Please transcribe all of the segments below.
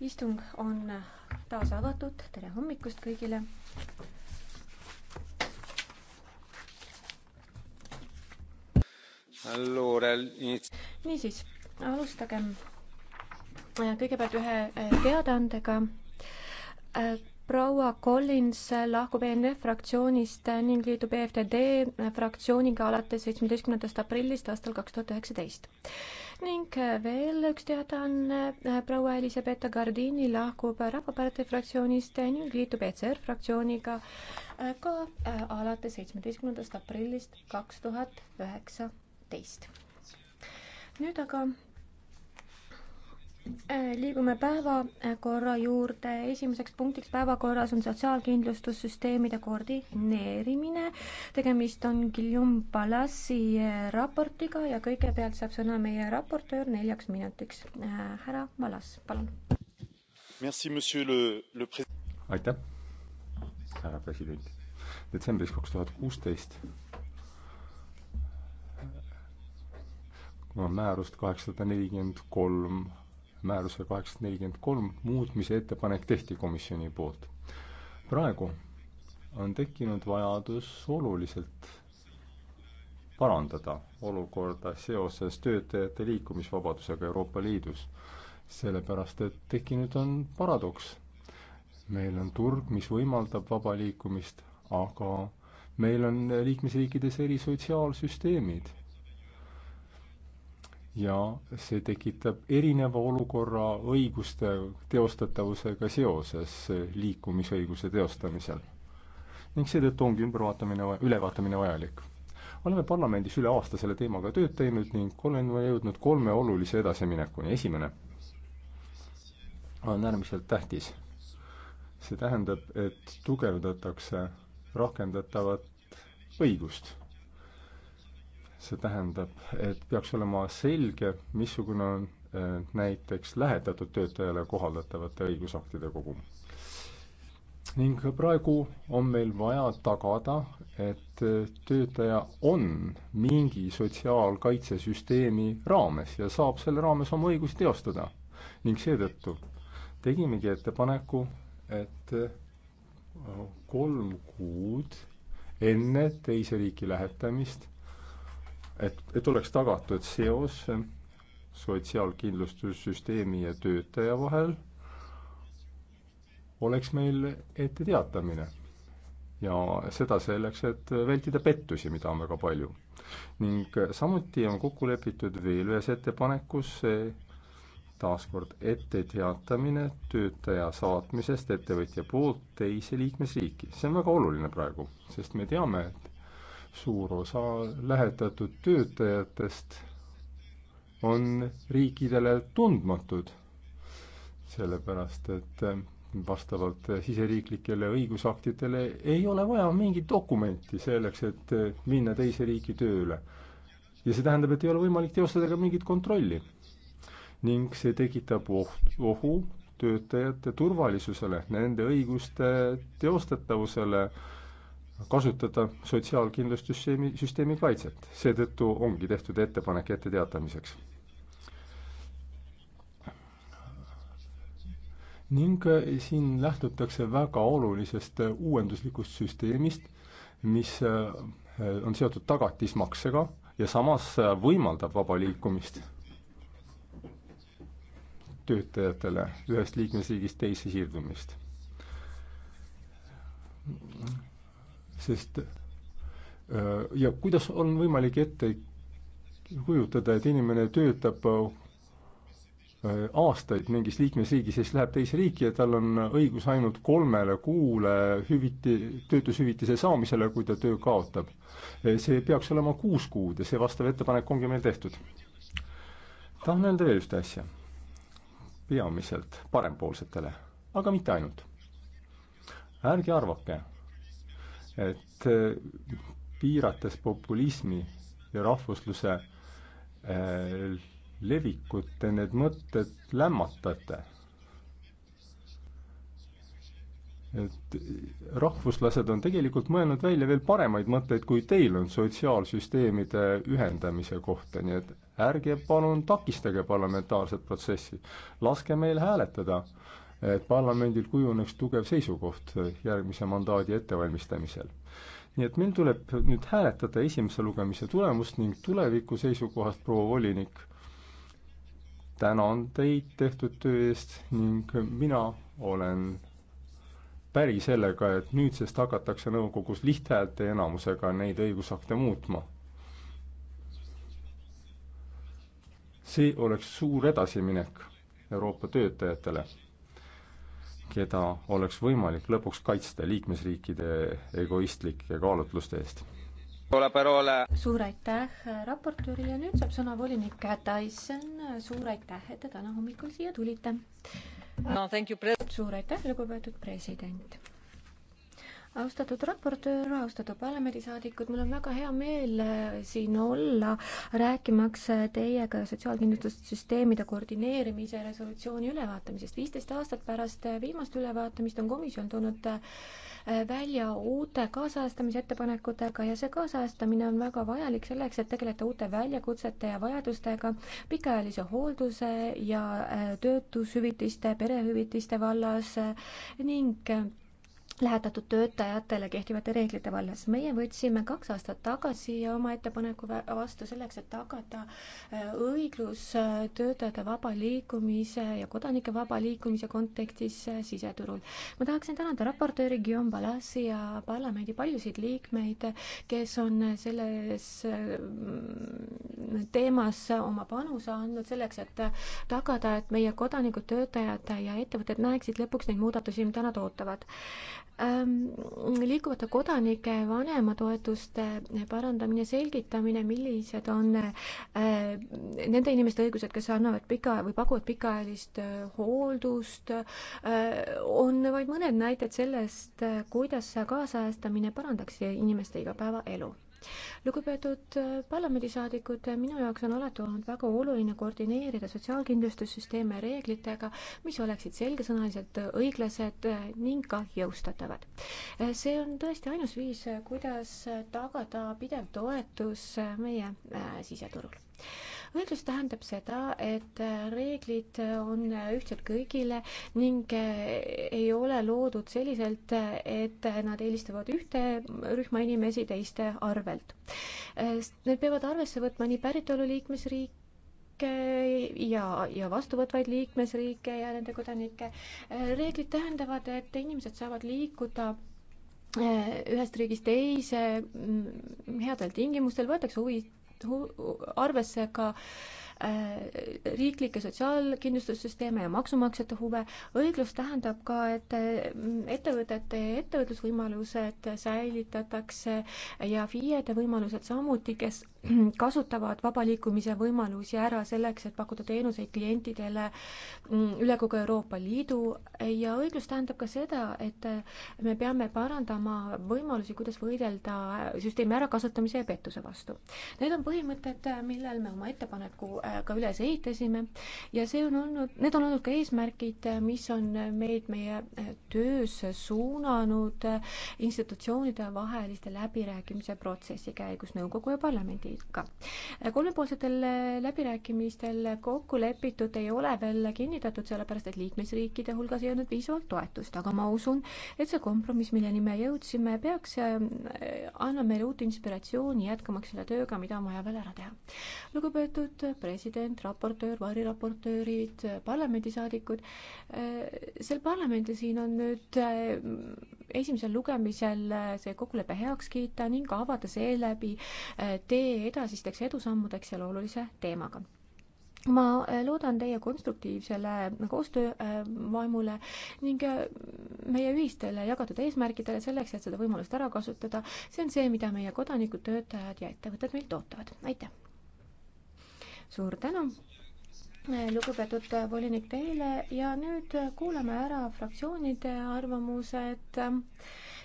istung on taas avatud, tere hommikust kõigile. niisiis, alustagem äh, kõigepealt ühe äh, teadaandega äh, proua Collins lahkub ENF fraktsioonist ning liitub EFTD fraktsiooniga alates seitsmeteistkümnendast aprillist aastal kaks tuhat üheksateist ning äh, veel üks teadaanne, äh, proua Elisabetta Gardini lahkub Rahvapartei fraktsioonist ning liitub ECR fraktsiooniga äh, ka alates seitsmeteistkümnendast aprillist kaks tuhat üheksateist. nüüd aga Äh, liigume päevakorra äh, juurde, esimeseks punktiks päevakorras on sotsiaalkindlustussüsteemide koordineerimine. tegemist on Guillaume Palassi äh, raportiga ja kõigepealt saab sõna meie raportöör neljaks minutiks. härra Palas, palun. aitäh, härra president. detsembris kaks tuhat kuusteist määrust kaheksasada nelikümmend kolm määruse kaheksasada nelikümmend kolm muutmise ettepanek tehti komisjoni poolt. praegu on tekkinud vajadus oluliselt parandada olukorda seoses töötajate liikumisvabadusega Euroopa Liidus. sellepärast, et tekkinud on paradoks. meil on turg, mis võimaldab vaba liikumist, aga meil on liikmesriikides eri sotsiaalsüsteemid ja see tekitab erineva olukorra õiguste teostatavusega seoses liikumisõiguse teostamisel. ning seetõttu ongi ümbervaatamine, ülevaatamine vajalik. oleme parlamendis üle aasta selle teemaga tööd teinud ning oleme jõudnud kolme olulise edasiminekuni, esimene on äärmiselt tähtis. see tähendab, et tugevdatakse rakendatavat õigust see tähendab, et peaks olema selge, missugune on äh, näiteks lähetatud töötajale kohaldatavate õigusaktide kogum. ning praegu on meil vaja tagada, et äh, töötaja on mingi sotsiaalkaitsesüsteemi raames ja saab selle raames oma õigusi teostada. ning seetõttu tegimegi ettepaneku, et äh, kolm kuud enne teise riiki lähetamist et, et oleks tagatud seos sotsiaalkindlustussüsteemi ja töötaja vahel, oleks meil ette teatamine. ja seda selleks, et vältida pettusi, mida on väga palju. ning samuti on kokku lepitud veel ühes ettepanekus taaskord ette teatamine töötaja saatmisest ettevõtja poolt teise liikmesriiki. see on väga oluline praegu, sest me teame, et suur osa lähetatud töötajatest on riikidele tundmatud, sellepärast et äh, vastavalt siseriiklikele õigusaktidele ei ole vaja mingit dokumenti selleks, et äh, minna teise riiki tööle. ja see tähendab, et ei ole võimalik teostada ka mingit kontrolli. ning see tekitab oht, ohu töötajate turvalisusele, nende õiguste teostatavusele äh, kasutada sotsiaalkindlustussüsteemi, süsteemi kaitset. seetõttu ongi tehtud ettepanek etteteatamiseks. ning siin lähtutakse väga olulisest uuenduslikust süsteemist, mis eh, on seotud tagatismaksega ja samas võimaldab vaba liikumist töötajatele ühest liikmesriigist teise siirdumist sest äh, ja kuidas on võimalik ette kujutada, et inimene töötab äh, aastaid mingis liikmesriigis ja siis läheb teise riiki ja tal on õigus ainult kolmele kuule hüviti, töötushüvitise saamisele, kui ta töö kaotab. Äh, see peaks olema kuus kuud ja see vastav ettepanek ongi meil tehtud. tahan öelda veel ühte asja. peamiselt parempoolsetele, aga mitte ainult. ärge arvake, et äh, piirates populismi ja rahvusluse äh, levikut, te need mõtted lämmatate. et rahvuslased on tegelikult mõelnud välja veel paremaid mõtteid, kui teil on sotsiaalsüsteemide ühendamise kohta, nii et ärge palun takistage parlamentaarset protsessi. laske meil hääletada et parlamendil kujuneks tugev seisukoht järgmise mandaadi ettevalmistamisel. nii et meil tuleb nüüd hääletada esimese lugemise tulemust ning tuleviku seisukohast, proua volinik, tänan teid tehtud töö eest ning mina olen päri sellega, et nüüdsest hakatakse nõukogus lihthäälte enamusega neid õigusakte muutma see oleks suur edasiminek Euroopa töötajatele keda oleks võimalik lõpuks kaitsta liikmesriikide egoistlike kaalutluste eest. suur aitäh raportöörile, nüüd saab sõna volinik Tyson, suur aitäh, et te täna hommikul siia tulite no,. suur aitäh, lugupeetud president austatud raportöör, austatud parlamendisaadikud, mul on väga hea meel äh, siin olla, rääkimaks äh, teiega sotsiaalkindlustussüsteemide koordineerimise resolutsiooni ülevaatamisest. viisteist aastat pärast äh, viimast ülevaatamist on komisjon toonud välja uute kaasajastamisettepanekutega ja see kaasajastamine on väga vajalik selleks, et tegeleda uute väljakutsete ja vajadustega pikaajalise hoolduse ja töötushüvitiste, perehüvitiste vallas ning lähetatud töötajatele kehtivate reeglite vallas. meie võtsime kaks aastat tagasi oma ettepaneku vastu selleks, et tagada äh, õiglus äh, töötajate vaba liikumise ja kodanike vaba liikumise kontekstis äh, siseturul. ma tahaksin tänada raportööri Guillaume Balassi ja parlamendi paljusid liikmeid, kes on selles teemas oma panuse andnud selleks, et tagada, et meie kodanikud, töötajad ja ettevõtted näeksid lõpuks neid muudatusi, mida nad ootavad Ähm, liikuvate kodanike vanematoetuste parandamine, selgitamine, millised on äh, nende inimeste õigused, kes annavad pika või pakuvad pikaajalist äh, hooldust, äh, on vaid mõned näited sellest, kuidas kaasajastamine parandaks inimeste igapäevaelu lugupeetud äh, parlamendisaadikud, äh, minu jaoks on alati olnud väga oluline koordineerida sotsiaalkindlustussüsteeme reeglitega, mis oleksid selgesõnalised, õiglased äh, ning ka jõustatavad. see on tõesti ainus viis, kuidas tagada pidev toetus meie siseturul õiglus tähendab seda, et reeglid on ühtsed kõigile ning eh, ei ole loodud selliselt, et nad eelistavad ühte rühma inimesi teiste arvelt. Eh, need peavad arvesse võtma nii päritolu liikmesriiki, kodanikke ja, ja vastuvõtvaid liikmesriike ja nende kodanikke. Eh, reeglid tähendavad, et inimesed saavad liikuda ühest riigist teise mm, headel tingimustel, võetakse huvi arvesse ka äh, riiklikke sotsiaalkindlustussüsteeme ja maksumaksjate huve. õiglus tähendab ka, et mm, ettevõtete ettevõtlusvõimalused säilitatakse ja FIE-de võimalused samuti, kes kasutavad vaba liikumise võimalusi ära selleks, et pakkuda teenuseid klientidele mm, üle kogu Euroopa Liidu ja õiglus tähendab ka seda, et me peame parandama võimalusi, kuidas võidelda süsteemi ärakasutamise ja pettuse vastu. Need on põhimõtted, millel me oma ettepaneku äh, ka üles ehitasime ja see on olnud, need on olnud ka eesmärgid, mis on meid meie äh, töös suunanud äh, institutsioonide vaheliste läbirääkimise protsessi käigus nõukogu ja parlamendi Türgiga. kolmepoolsetel läbirääkimistel kokku lepitud ei ole veel kinnitatud, sellepärast et liikmesriikide hulgas ei olnud piisavalt toetust, aga ma usun, et see kompromiss, milleni me jõudsime, peaks äh, andma meile uut inspiratsiooni jätkamaks selle tööga, mida on vaja veel ära teha. lugupeetud president, raportöör, variraportöörid, parlamendisaadikud, äh, seal parlamendil siin on nüüd äh, esimesel lugemisel see kokkulepe heaks kiita ning avada seeläbi tee teie edasisteks edusammudeks selle olulise teemaga ma äh, loodan teie konstruktiivsele koostöövaimule äh, ning äh, meie ühistele jagatud eesmärkidele selleks, et seda võimalust ära kasutada. see on see, mida meie kodanikud, töötajad ja ettevõtted meilt ootavad. aitäh! suur tänu, lugupeetud volinik teile ja nüüd kuulame ära fraktsioonide arvamused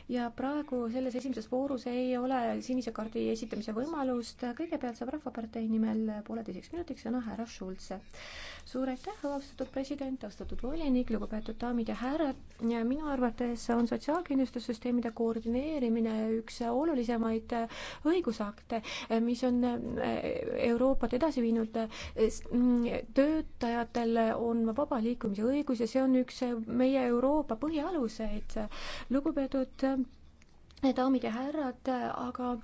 ja praegu selles esimeses voorus ei ole sinise kaardi esitamise võimalust. kõigepealt saab Rahvapartei nimel pooleteiseks minutiks sõna härra Schulze. suur aitäh, austatud president, austatud volinik, lugupeetud daamid ja härrad. minu arvates on sotsiaalkindlustussüsteemide koordineerimine üks olulisemaid õigusakte, mis on Euroopat edasi viinud. töötajatel on vaba liikumise õigus ja see on üks meie Euroopa põhialuseid. lugupeetud daamid ja härrad, aga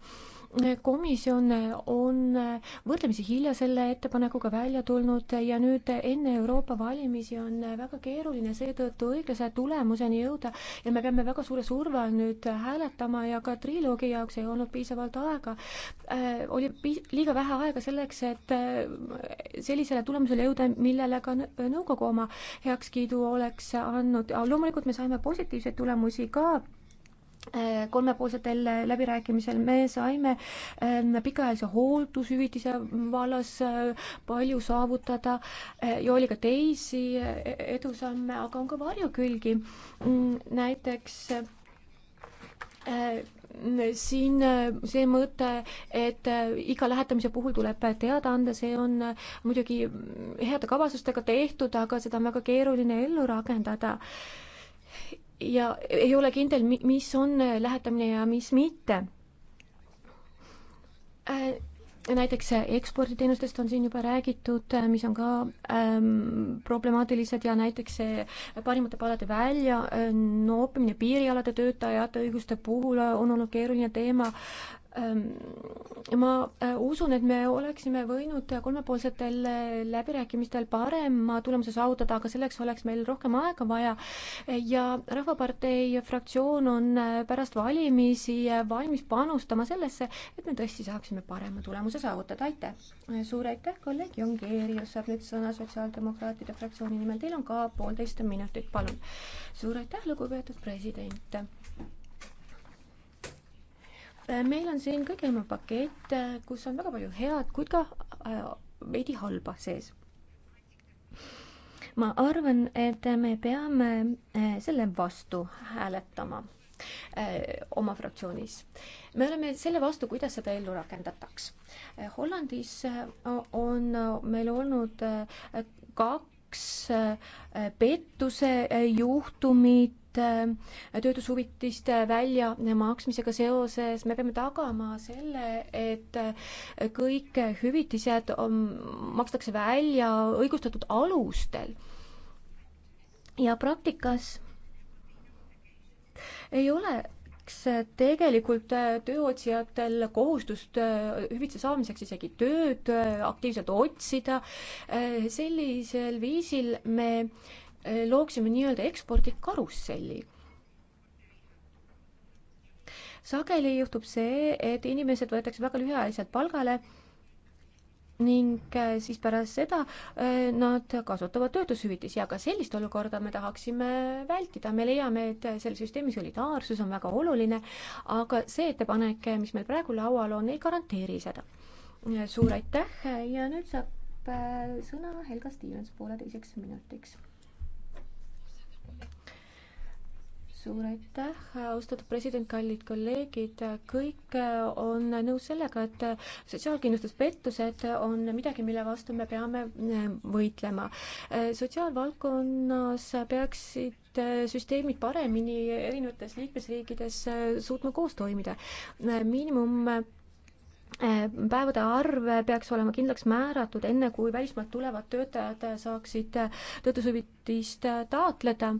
komisjon on võrdlemisi hilja selle ettepanekuga välja tulnud ja nüüd enne Euroopa valimisi on väga keeruline seetõttu õiglase tulemuseni jõuda ja me peame väga suure surve all nüüd hääletama ja ka triloogi jaoks ei olnud piisavalt aega äh,. oli piis-, liiga vähe aega selleks, et äh, sellisele tulemusele jõuda, millele ka nõukogu oma heakskiidu oleks andnud. loomulikult me saime positiivseid tulemusi ka Äh, kolmepoolsetel äh, läbirääkimisel me saime ähm, pikaajalise hooldushüvitise vallas äh, palju saavutada ja oli ka teisi edusamme, aga on ka varjukülgi. Mm, näiteks siin see mõte, et iga lähetamise puhul tuleb teada anda, see on muidugi heade kavatsustega tehtud, aga seda on väga keeruline ellu rakendada ja ei ole kindel, mis on lähetamine ja mis mitte. Äh, näiteks eksporditeenustest on siin juba räägitud, äh, mis on ka ähm, problemaatilised ja näiteks parimate palade välja äh, noopimine piirialade töötajate õiguste puhul on olnud keeruline teema Ehm, ma äh, usun, et me oleksime võinud kolmepoolsetel äh, läbirääkimistel parema tulemuse saavutada, aga selleks oleks meil rohkem aega vaja. ja Rahvapartei fraktsioon on äh, pärast valimisi valmis panustama sellesse, et me tõesti saaksime parema tulemuse saavutada, aitäh. suur aitäh, kolleeg Jongeerius saab nüüd sõna Sotsiaaldemokraatide fraktsiooni nimel, teil on ka poolteist minutit, palun. suur aitäh, lugupeetud president Eh, meil on siin kõigehõlmav pakett, eh, kus on väga palju head, kuid ka eh, veidi halba sees. ma arvan, et me peame selle vastu hääletama oma fraktsioonis. me oleme selle vastu, kuidas seda ellu rakendataks. Hollandis on meil olnud kaks kaks pettuse juhtumit Äh, töötushüvitiste väljamaksmisega seoses me peame tagama selle, et äh, kõik hüvitised on, makstakse välja õigustatud alustel. ja praktikas ei oleks tegelikult äh, tööotsijatel kohustust hüvitise saamiseks isegi tööd aktiivselt otsida. sellisel viisil me äh, looksime nii-öelda ekspordikarusselli sageli juhtub see, et inimesed võetakse väga lühiajaliselt palgale ning äh, siis pärast seda äh, nad kasutavad töötushüvitisi, aga sellist olukorda me tahaksime vältida, me leiame, et selle süsteemi solidaarsus on väga oluline, aga see ettepanek, mis meil praegu laual on, ei garanteeri seda. suur aitäh ja nüüd saab äh, sõna Helga Stevens pooleteiseks minutiks suur aitäh, austatud president, kallid kolleegid, kõik äh, on nõus sellega, et äh, sotsiaalkindlustuspettused on midagi, mille vastu me peame äh, võitlema. sotsiaalvaldkonnas peaksid süsteemid paremini erinevates liikmesriikides suutma koos toimida. miinimum päevade arv peaks olema kindlaks määratud, enne kui välismaalt tulevad töötajad saaksid töötushüvitist taotleda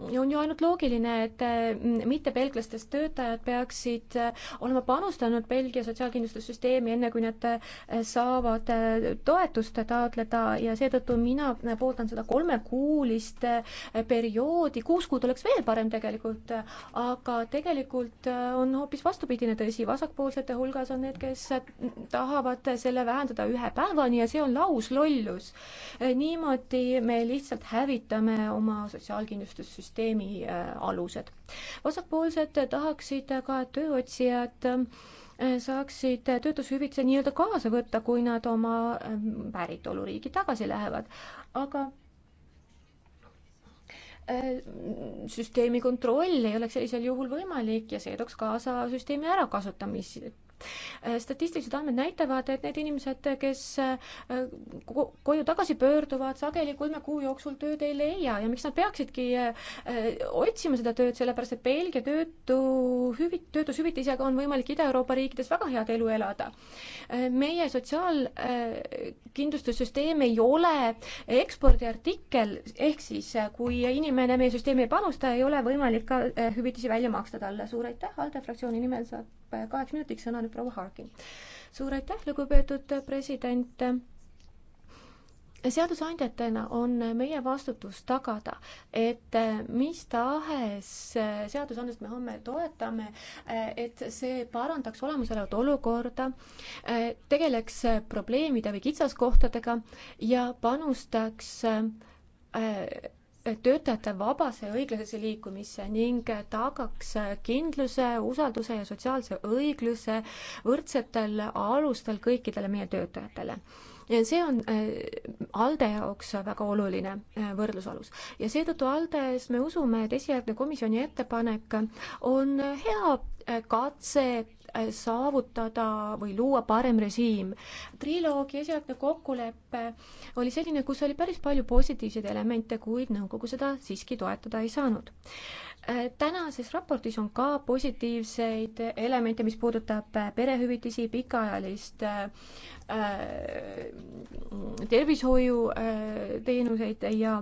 on ju ainult loogiline, et mm, mittebelglastest töötajad peaksid äh, olema panustanud Belgia sotsiaalkindlustussüsteemi, enne kui nad äh, saavad äh, toetust taotleda ja seetõttu mina pooldan seda kolmekuulist perioodi, kuus kuud oleks veel parem tegelikult, aga tegelikult on hoopis vastupidine tõsi, vasakpoolsete hulgas on need, kes tahavad selle vähendada ühe päevani ja see on lauslollus. niimoodi me lihtsalt hävitame oma sotsiaalkindlustussüsteemi süsteemi äh, alused. vasakpoolsed tahaksid ka, et tööotsijad äh, saaksid töötushüvitise nii-öelda kaasa võtta, kui nad oma äh, päritoluriigi tagasi lähevad, aga süsteemi kontroll ei oleks sellisel juhul võimalik ja see tooks kaasa süsteemi ärakasutamise Äh, statistilised andmed näitavad, et need inimesed, kes äh, koju tagasi pöörduvad, sageli kolme kuu jooksul tööd ei leia ja miks nad peaksidki äh, otsima seda tööd, sellepärast et Belgia töötu hüvit-, töötushüvitisega on võimalik Ida-Euroopa riikides väga head elu elada. meie sotsiaalkindlustussüsteem ei ole ekspordiartikkel, ehk siis kui inimene meie süsteemi ei panusta, ei ole võimalik ka hüvitisi välja maksta talle. suur aitäh, ALDE fraktsiooni nimel saab saab kaheks minutiks sõna nüüd proua Harkin. suur aitäh, lugupeetud president seadusandjatena on meie vastutus tagada, et mis tahes seadusandlust me homme toetame, et see parandaks olemasolevat olukorda, tegeleks probleemide või kitsaskohtadega ja panustaks töötajate vabase õiglase liikumise ning tagaks kindluse, usalduse ja sotsiaalse õigluse võrdsetel alustel kõikidele meie töötajatele ja see on äh, ALDE jaoks väga oluline äh, võrdlusalus ja seetõttu ALDE-s me usume, et esialgne komisjoni ettepanek on hea äh, katse saavutada või luua parem režiim. triloogi esialgne kokkulepe oli selline, kus oli päris palju positiivseid elemente, kuid nõukogu seda siiski toetada ei saanud tänases raportis on ka positiivseid elemente, mis puudutab perehüvitisi, pikaajalist äh, tervishoiuteenuseid äh, ja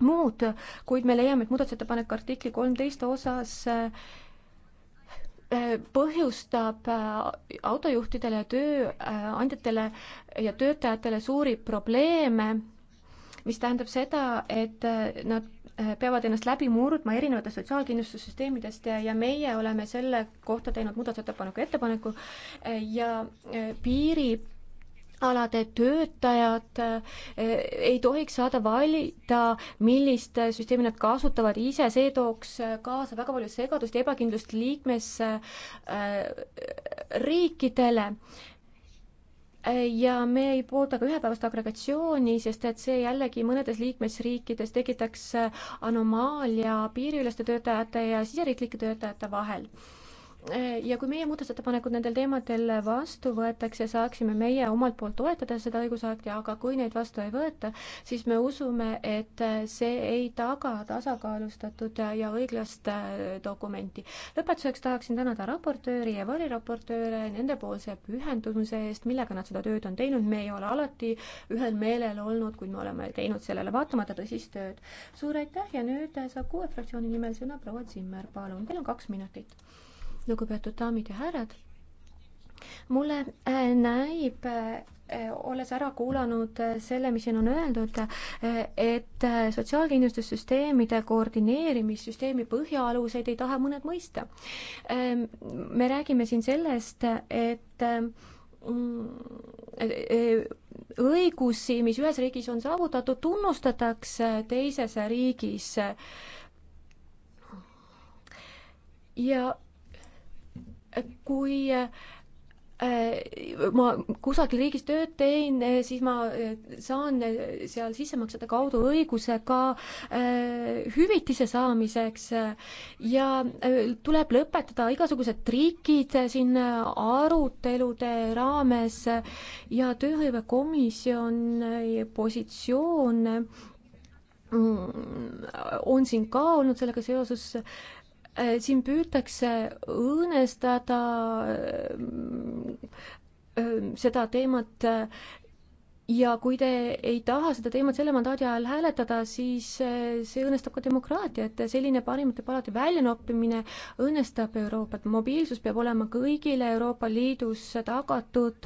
muud, kuid me leiame, et muudatusettepanek artikli kolmteist osas äh, Äh, põhjustab äh, autojuhtidele, tööandjatele ja töötajatele suuri probleeme, mis tähendab seda, et äh, nad peavad ennast läbi murdma erinevatest sotsiaalkindlustussüsteemidest ja, ja meie oleme selle kohta teinud muudatusettepaneku ettepaneku ja piirib alade töötajad eh, ei tohiks saada valida, millist süsteemi nad kasutavad ise, see tooks kaasa väga palju segadust ja ebakindlust liikmesriikidele. ja me ei poolda ka ühepäevast agregatsiooni, sest et see jällegi mõnedes liikmesriikides tekitaks anomaalia piiriüleste töötajate ja siseriiklike töötajate vahel ja kui meie muudatusettepanekud nendel teemadel vastu võetakse, saaksime meie omalt poolt toetada seda õigusakti, aga kui neid vastu ei võeta, siis me usume, et see ei taga tasakaalustatud ja õiglast äh, dokumenti. lõpetuseks tahaksin tänada raportööri ja variraportööre nendepoolse pühendumuse eest, millega nad seda tööd on teinud, me ei ole alati ühel meelel olnud, kuid me oleme teinud sellele vaatamata tõsist tööd. suur aitäh ja nüüd saab kuue fraktsiooni nimel sõna proua Zimmer, palun, teil on kaks minutit lugupeetud daamid ja härrad. mulle äh, näib, äh, olles ära kuulanud äh, selle, mis siin on öeldud, et sotsiaalkindlustussüsteemide koordineerimissüsteemi põhialuseid ei taha mõned mõista. Ähm, me räägime siin sellest, et mm, õigusi, mis ühes riigis on saavutatud, tunnustatakse teises riigis. ja kui äh, ma kusagil riigis tööd teen, siis ma äh, saan äh, seal sissemaksete kaudu õiguse ka hüvitise saamiseks ja tuleb lõpetada igasugused trikid siin arutelude raames ja tööhõivekomisjoni positsioon mm, on siin ka olnud sellega seoses äh, Äh, siin püütakse õõnestada äh, äh, seda teemat ja kui te ei taha seda teemat selle mandaadi ajal hääletada, siis see õõnestab ka demokraatiat, selline parimate palade väljanoppimine õõnestab Euroopat, mobiilsus peab olema kõigile Euroopa Liidus tagatud,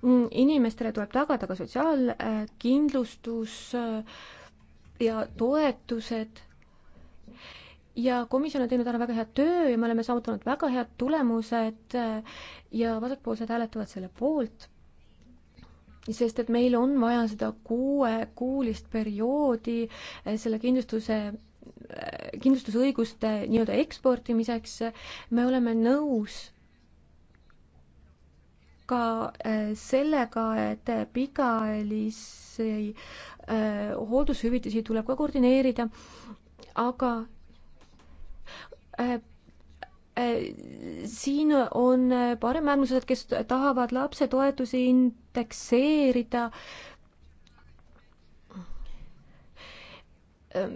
mm, inimestele tuleb tagada ka sotsiaalkindlustus ja toetused ja komisjon on teinud ära väga hea töö ja me oleme saavutanud väga head tulemused äh, ja vasakpoolsed hääletavad selle poolt, sest et meil on vaja seda kuuekuulist perioodi äh, selle kindlustuse äh, kindlustusõiguste nii-öelda eksportimiseks, me oleme nõus ka sellega, et pikaajalisi hooldushüvitisi tuleb ka koordineerida, aga Äh, äh, siin on paremäärmuslased, kes tahavad lapsetoetusi indekseerida. Ähm,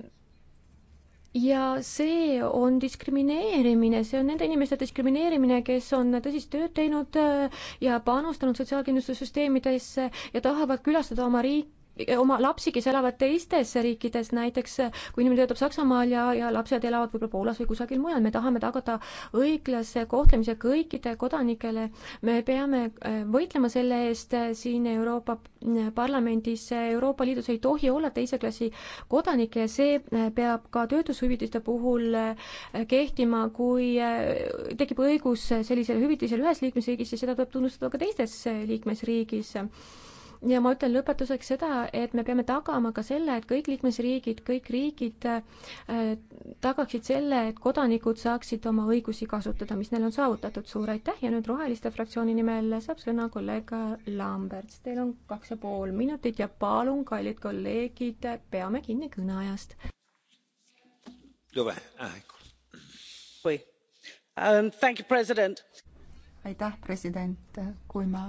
ja see on diskrimineerimine, see on nende inimeste diskrimineerimine, kes on tõsist tööd teinud äh, ja panustanud sotsiaalkindlustussüsteemidesse ja tahavad külastada oma riiki oma lapsi, kes elavad teistes riikides, näiteks kui inimene töötab Saksamaal ja, ja lapsed elavad võib-olla Poolas või kusagil mujal, me tahame tagada õiglase kohtlemise kõikide kodanikele, me peame äh, võitlema selle eest äh, siin Euroopa äh, Parlamendis, Euroopa Liidus ei tohi olla teise klassi kodanikke ja see peab ka töötushüvitiste puhul kehtima, kui tekib õigus sellisele hüvitisele ühes liikmesriigis, siis seda tuleb tunnustada ka teises liikmesriigis ja ma ütlen lõpetuseks seda, et me peame tagama ka selle, et kõik liikmesriigid, kõik riigid äh, tagaksid selle, et kodanikud saaksid oma õigusi kasutada, mis neil on saavutatud. suur aitäh ja nüüd Roheliste fraktsiooni nimel saab sõna kolleeg Lamberts. Teil on kaks ja pool minutit ja palun, kallid kolleegid, peame kinni kõneajast. aitäh, um, president. aitäh, president, kui ma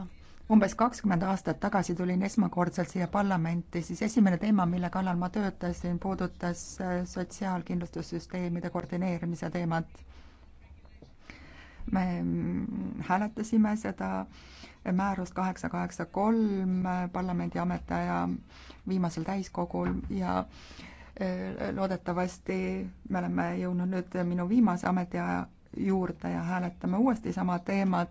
umbes kakskümmend aastat tagasi tulin esmakordselt siia parlamenti, siis esimene teema, mille kallal ma töötasin, puudutas äh, sotsiaalkindlustussüsteemide koordineerimise teemat. me mm, hääletasime seda määrust kaheksa kaheksa kolm äh, parlamendi ametiaja viimasel täiskogul ja äh, loodetavasti me oleme jõudnud nüüd minu viimase ametiaja juurde ja hääletame uuesti sama teemat,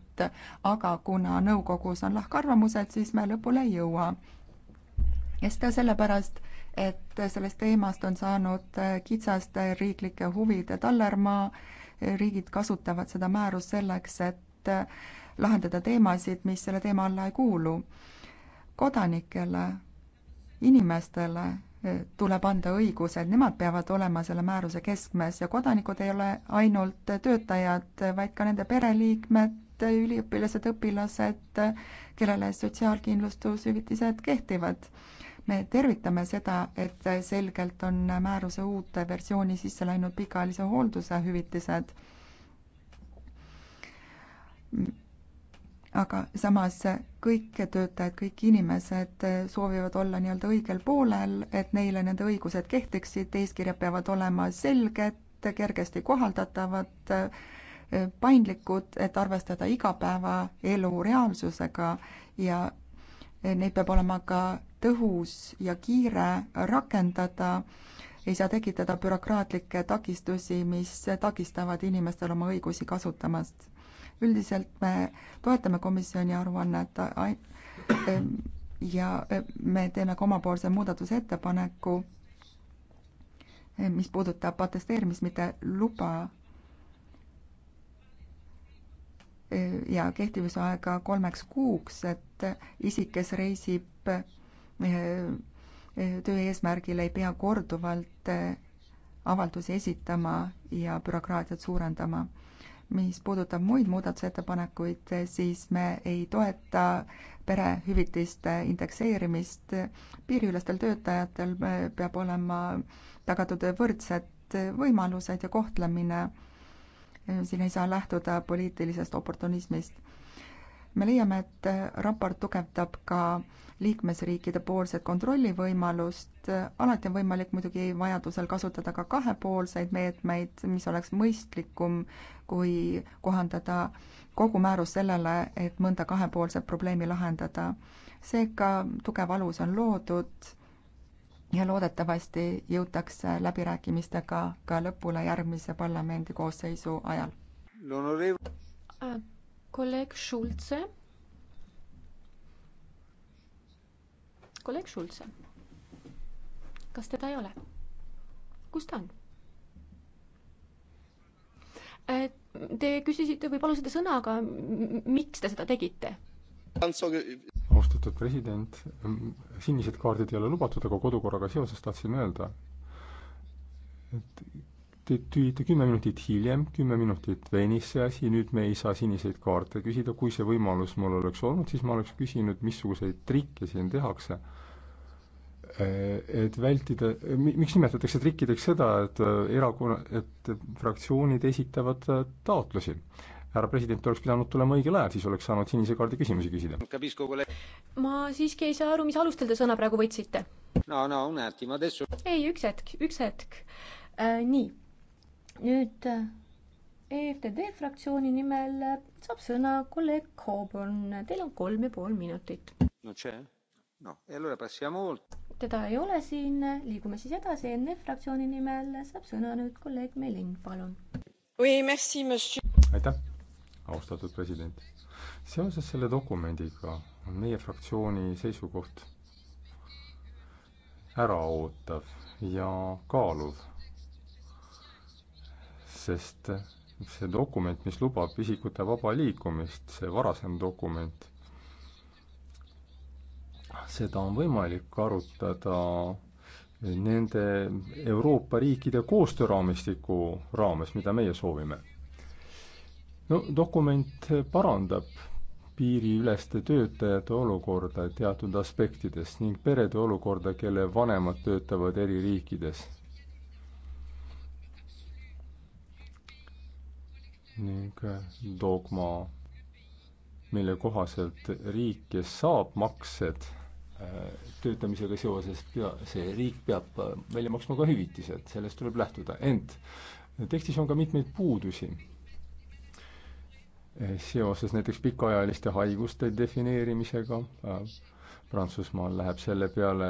aga kuna nõukogus on lahkarvamused, siis me lõpule ei jõua. ja seda sellepärast, et sellest teemast on saanud kitsaste riiklike huvide tallermaa, riigid kasutavad seda määrust selleks, et lahendada teemasid, mis selle teema alla ei kuulu. kodanikele, inimestele tuleb anda õigused, nemad peavad olema selle määruse keskmes ja kodanikud ei ole ainult töötajad, vaid ka nende pereliikmed, üliõpilased, õpilased, kellele sotsiaalkindlustushüvitised kehtivad. me tervitame seda, et selgelt on määruse uute versiooni sisse läinud pikaajalise hoolduse hüvitised aga samas kõik töötajad, kõik inimesed soovivad olla nii-öelda õigel poolel, et neile nende õigused kehtiksid, eeskirjad peavad olema selged, kergesti kohaldatavad, paindlikud, et arvestada igapäevaelu reaalsusega ja neid peab olema ka tõhus ja kiire rakendada, ei saa tekitada bürokraatlikke takistusi, mis takistavad inimestel oma õigusi kasutamast üldiselt me toetame komisjoni aruannet ja me teeme ka omapoolse muudatusettepaneku, mis puudutab atesteerimist, mitte luba e, ja kehtivusaega kolmeks kuuks, et isik, kes reisib e, e, töö eesmärgil, ei pea korduvalt avaldusi esitama ja bürokraatiat suurendama mis puudutab muid muudatusettepanekuid, siis me ei toeta perehüvitiste indekseerimist. piiriülestel töötajatel eh, peab olema tagatud võrdsed võimalused ja kohtlemine. Eh, siin ei saa lähtuda poliitilisest oportunismist me leiame, et äh, raport tugevdab ka liikmesriikide poolset kontrollivõimalust, alati on võimalik muidugi vajadusel kasutada ka kahepoolseid meetmeid, mis oleks mõistlikum, kui kohandada kogu määrus sellele, et mõnda kahepoolset probleemi lahendada. seega tugev alus on loodud ja loodetavasti jõutakse läbirääkimistega ka lõpule järgmise parlamendi koosseisu ajal kolleeg Schulze. kolleeg Schulze, kas teda ei ole? kus ta on? Äh, te küsisite või palusite sõna, aga miks te seda tegite? austatud president, sinised kaardid ei ole lubatud, aga kodukorraga seoses tahtsin öelda, et tühita kümme minutit hiljem, kümme minutit venis see asi, nüüd me ei saa siniseid kaarte küsida, kui see võimalus mul oleks olnud, siis ma oleks küsinud, missuguseid trikke siin tehakse. Et vältida, miks nimetatakse trikkideks seda, et äh, erakonna, et fraktsioonid esitavad äh, taotlusi? härra president oleks pidanud tulema õigel ajal, siis oleks saanud sinise kaardi küsimusi küsida. ma siiski ei saa aru, mis alustel te sõna praegu võtsite? no, no un attimo adesso. ei, üks hetk, üks hetk äh,. nii nüüd EFTD fraktsiooni nimel saab sõna kolleeg Coburn, teil on kolm ja pool minutit. no see, noh, Elvere passiamo oltre. teda ei ole siin, liigume siis edasi, NF fraktsiooni nimel saab sõna nüüd kolleeg Melin, palun. aitäh, austatud president. seoses selle dokumendiga on meie fraktsiooni seisukoht äraootav ja kaaluv sest see dokument, mis lubab isikute vaba liikumist, see varasem dokument, seda on võimalik arutada nende Euroopa riikide koostööraamistiku raames, mida meie soovime. no dokument parandab piiriüleste töötajate olukorda teatud aspektides ning perede olukorda, kelle vanemad töötavad eri riikides ning dogma, mille kohaselt riik, kes saab maksed äh, töötamisega seoses, see riik peab äh, välja maksma ka hüvitised, sellest tuleb lähtuda, ent tekstis on ka mitmeid puudusi äh, seoses näiteks pikaajaliste haiguste defineerimisega. Prantsusmaal läheb selle peale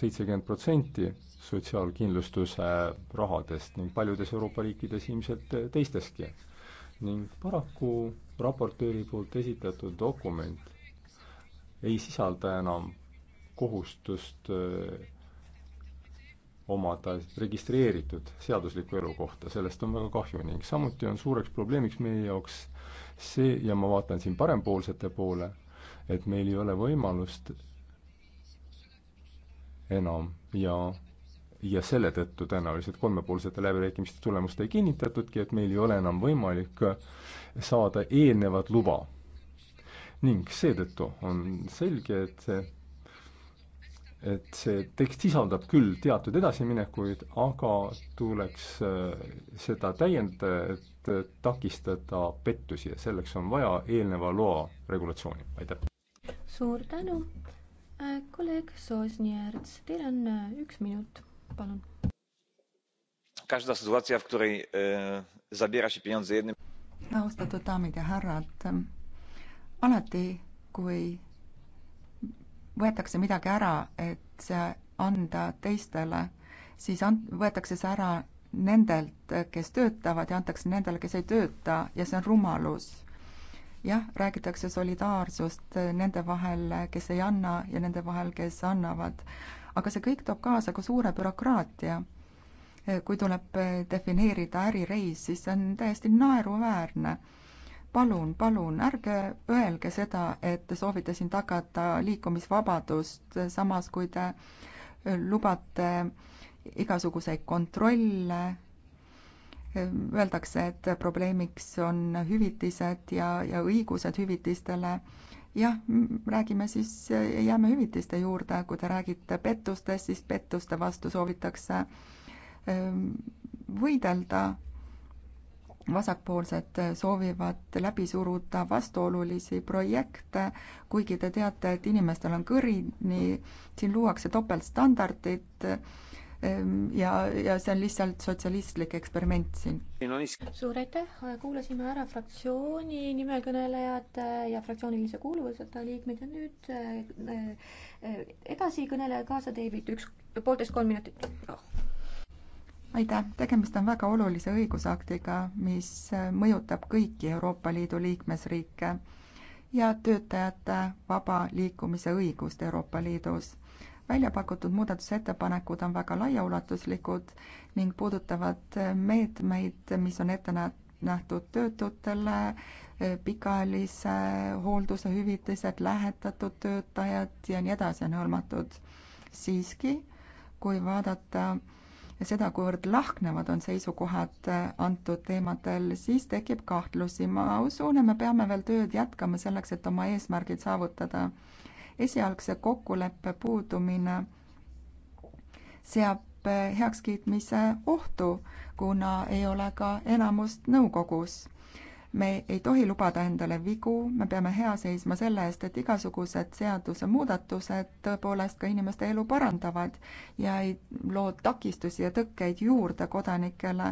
seitsekümmend protsenti sotsiaalkindlustuse rahadest ning paljudes Euroopa riikides ilmselt teisteski ning paraku raportööri poolt esitatud dokument ei sisalda enam kohustust äh, omada registreeritud seaduslikku elukohta, sellest on väga kahju ning samuti on suureks probleemiks meie jaoks see, ja ma vaatan siin parempoolsete poole, et meil ei ole võimalust enam ja ja selle tõttu tõenäoliselt kolmepoolsete läbirääkimiste tulemust ei kinnitatudki, et meil ei ole enam võimalik saada eelnevat luba. ning seetõttu on selge, et see, et see tekst sisaldab küll teatud edasiminekuid, aga tuleks äh, seda täiendada, et takistada pettusi ja selleks on vaja eelneva loa regulatsiooni, aitäh! suur tänu! Äh, kolleeg Soosnierts, teil on äh, üks minut palun! E, austatud daamid ja härrad, alati, kui võetakse midagi ära, et see anda teistele, siis an-, võetakse see ära nendelt, kes töötavad ja antakse nendele, kes ei tööta ja see on rumalus. jah, räägitakse solidaarsust nende vahel, kes ei anna ja nende vahel, kes annavad, aga see kõik toob kaasa ka suure bürokraatia. kui tuleb defineerida ärireis, siis see on täiesti naeruväärne. palun, palun ärge öelge seda, et te soovite siin tagada liikumisvabadust, samas kui te lubate igasuguseid kontrolle, öeldakse, et probleemiks on hüvitised ja, ja õigused hüvitistele jah, räägime siis, jääme hüvitiste juurde, kui te räägite pettustest, siis pettuste vastu soovitakse ehm, võidelda. vasakpoolsed soovivad läbi suruda vastuolulisi projekte, kuigi te teate, et inimestel on kõrini, siin luuakse topeltstandardid Ehm, ja, ja see on lihtsalt sotsialistlik eksperiment siin. suur aitäh, kuulasime ära fraktsiooni nimel kõnelejad äh, ja fraktsioonilise kuuluvuseta liikmed ja nüüd äh, äh, edasi kõneleja kaasa David, üks, poolteist kolm minutit oh.. aitäh, tegemist on väga olulise õigusaktiga, mis mõjutab kõiki Euroopa Liidu liikmesriike ja töötajate vaba liikumise õigust Euroopa Liidus välja pakutud muudatusettepanekud on väga laiaulatuslikud ning puudutavad meetmeid, mis on ette nähtud töötutele, eh, pikaajalise hoolduse hüvitised, lähetatud töötajad ja nii edasi on hõlmatud. siiski, kui vaadata seda, kuivõrd lahknevad on seisukohad eh, antud teemadel, siis tekib kahtlusi. ma usun, et me peame veel tööd jätkama selleks, et oma eesmärgid saavutada esialgse kokkuleppe puudumine seab heakskiitmise ohtu, kuna ei ole ka enamust nõukogus me ei tohi lubada endale vigu, me peame hea seisma selle eest, et igasugused seadusemuudatused tõepoolest ka inimeste elu parandavad ja ei loo takistusi ja tõkkeid juurde kodanikele,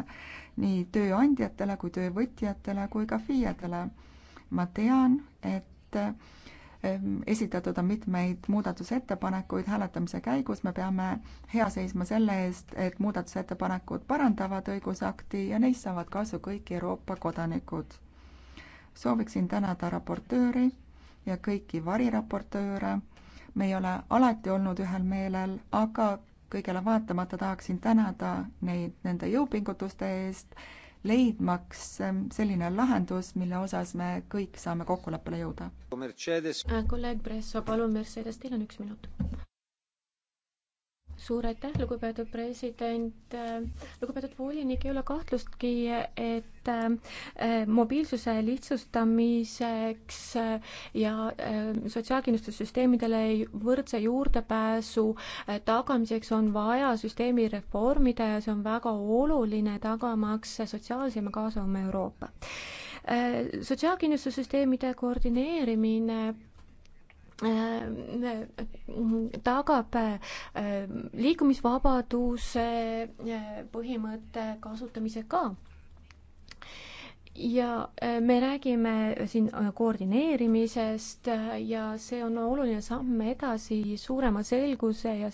nii tööandjatele kui töövõtjatele kui ka FIE-dele. ma tean, et esitatud on mitmeid muudatusettepanekuid hääletamise käigus, me peame hea seisma selle eest, et muudatusettepanekud parandavad õigusakti ja neist saavad kasu kõik Euroopa kodanikud. sooviksin tänada raportööri ja kõiki variraportööre, me ei ole alati olnud ühel meelel, aga kõigele vaatamata tahaksin tänada neid nende jõupingutuste eest leidmaks ähm, selline lahendus, mille osas me kõik saame kokkuleppele jõuda. Äh, kolleeg Bresso, palun, Mercedes, teil on üks minut suur aitäh, lugupeetud president, lugupeetud volinik, ei ole kahtlustki, et äh, mobiilsuse lihtsustamiseks äh, ja äh, sotsiaalkindlustussüsteemidele võrdse juurdepääsu tagamiseks on vaja süsteemi reformida ja see on väga oluline, tagamaks sotsiaalsema kaasavama Euroopa. sotsiaalkindlustussüsteemide koordineerimine Äh, tagab äh, liikumisvabaduse äh, põhimõtte kasutamise ka ja äh, me räägime siin äh, koordineerimisest äh, ja see on oluline samm edasi suurema selguse ja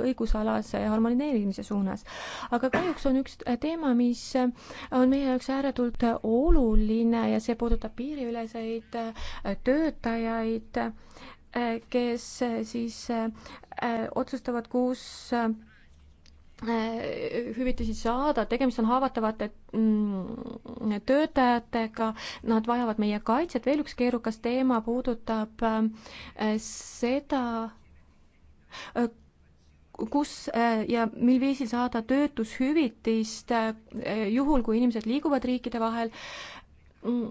õigusalase harmoneerimise suunas. aga kahjuks on üks teema, mis on meie jaoks ääretult oluline ja see puudutab piiriüleseid töötajaid, kes siis otsustavad, kus Äh, hüvitisi saada, tegemist on haavatavate mm, töötajatega, nad vajavad meie kaitset, veel üks keerukas teema puudutab äh, seda, äh, kus ja mil viisil saada töötushüvitist juhul, kui inimesed liiguvad riikide vahel mm,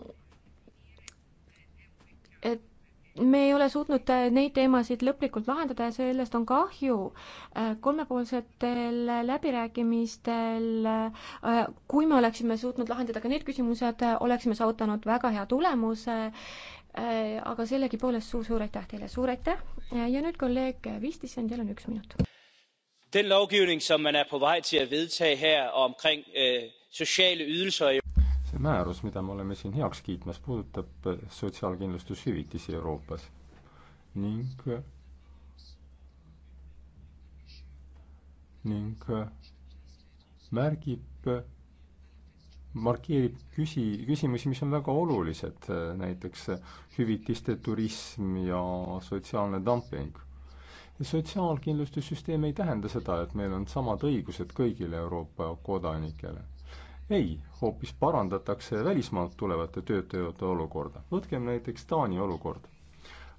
me ei ole suutnud äh, neid teemasid lõplikult lahendada ja sellest on kahju. Äh, kolmepoolsetel läbirääkimistel, äh, kui me oleksime suutnud lahendada ka need küsimused, oleksime saavutanud väga hea tulemuse. aga sellegipoolest suur-suur aitäh teile, suur aitäh ja nüüd kolleeg Vistisen, teil on üks minut. Den lovgivning, som man er på vej til at vedtage her omkring øh, sociale ydelser i see määrus, mida me oleme siin heaks kiitmas, puudutab sotsiaalkindlustushüvitisi Euroopas ning ning märgib, markeerib küsi-, küsimusi, mis on väga olulised, näiteks hüvitiste turism ja sotsiaalne dumping. sotsiaalkindlustussüsteem ei tähenda seda, et meil on samad õigused kõigile Euroopa kodanikele ei, hoopis parandatakse välismaalt tulevate töötajate olukorda. võtkem näiteks Taani olukord.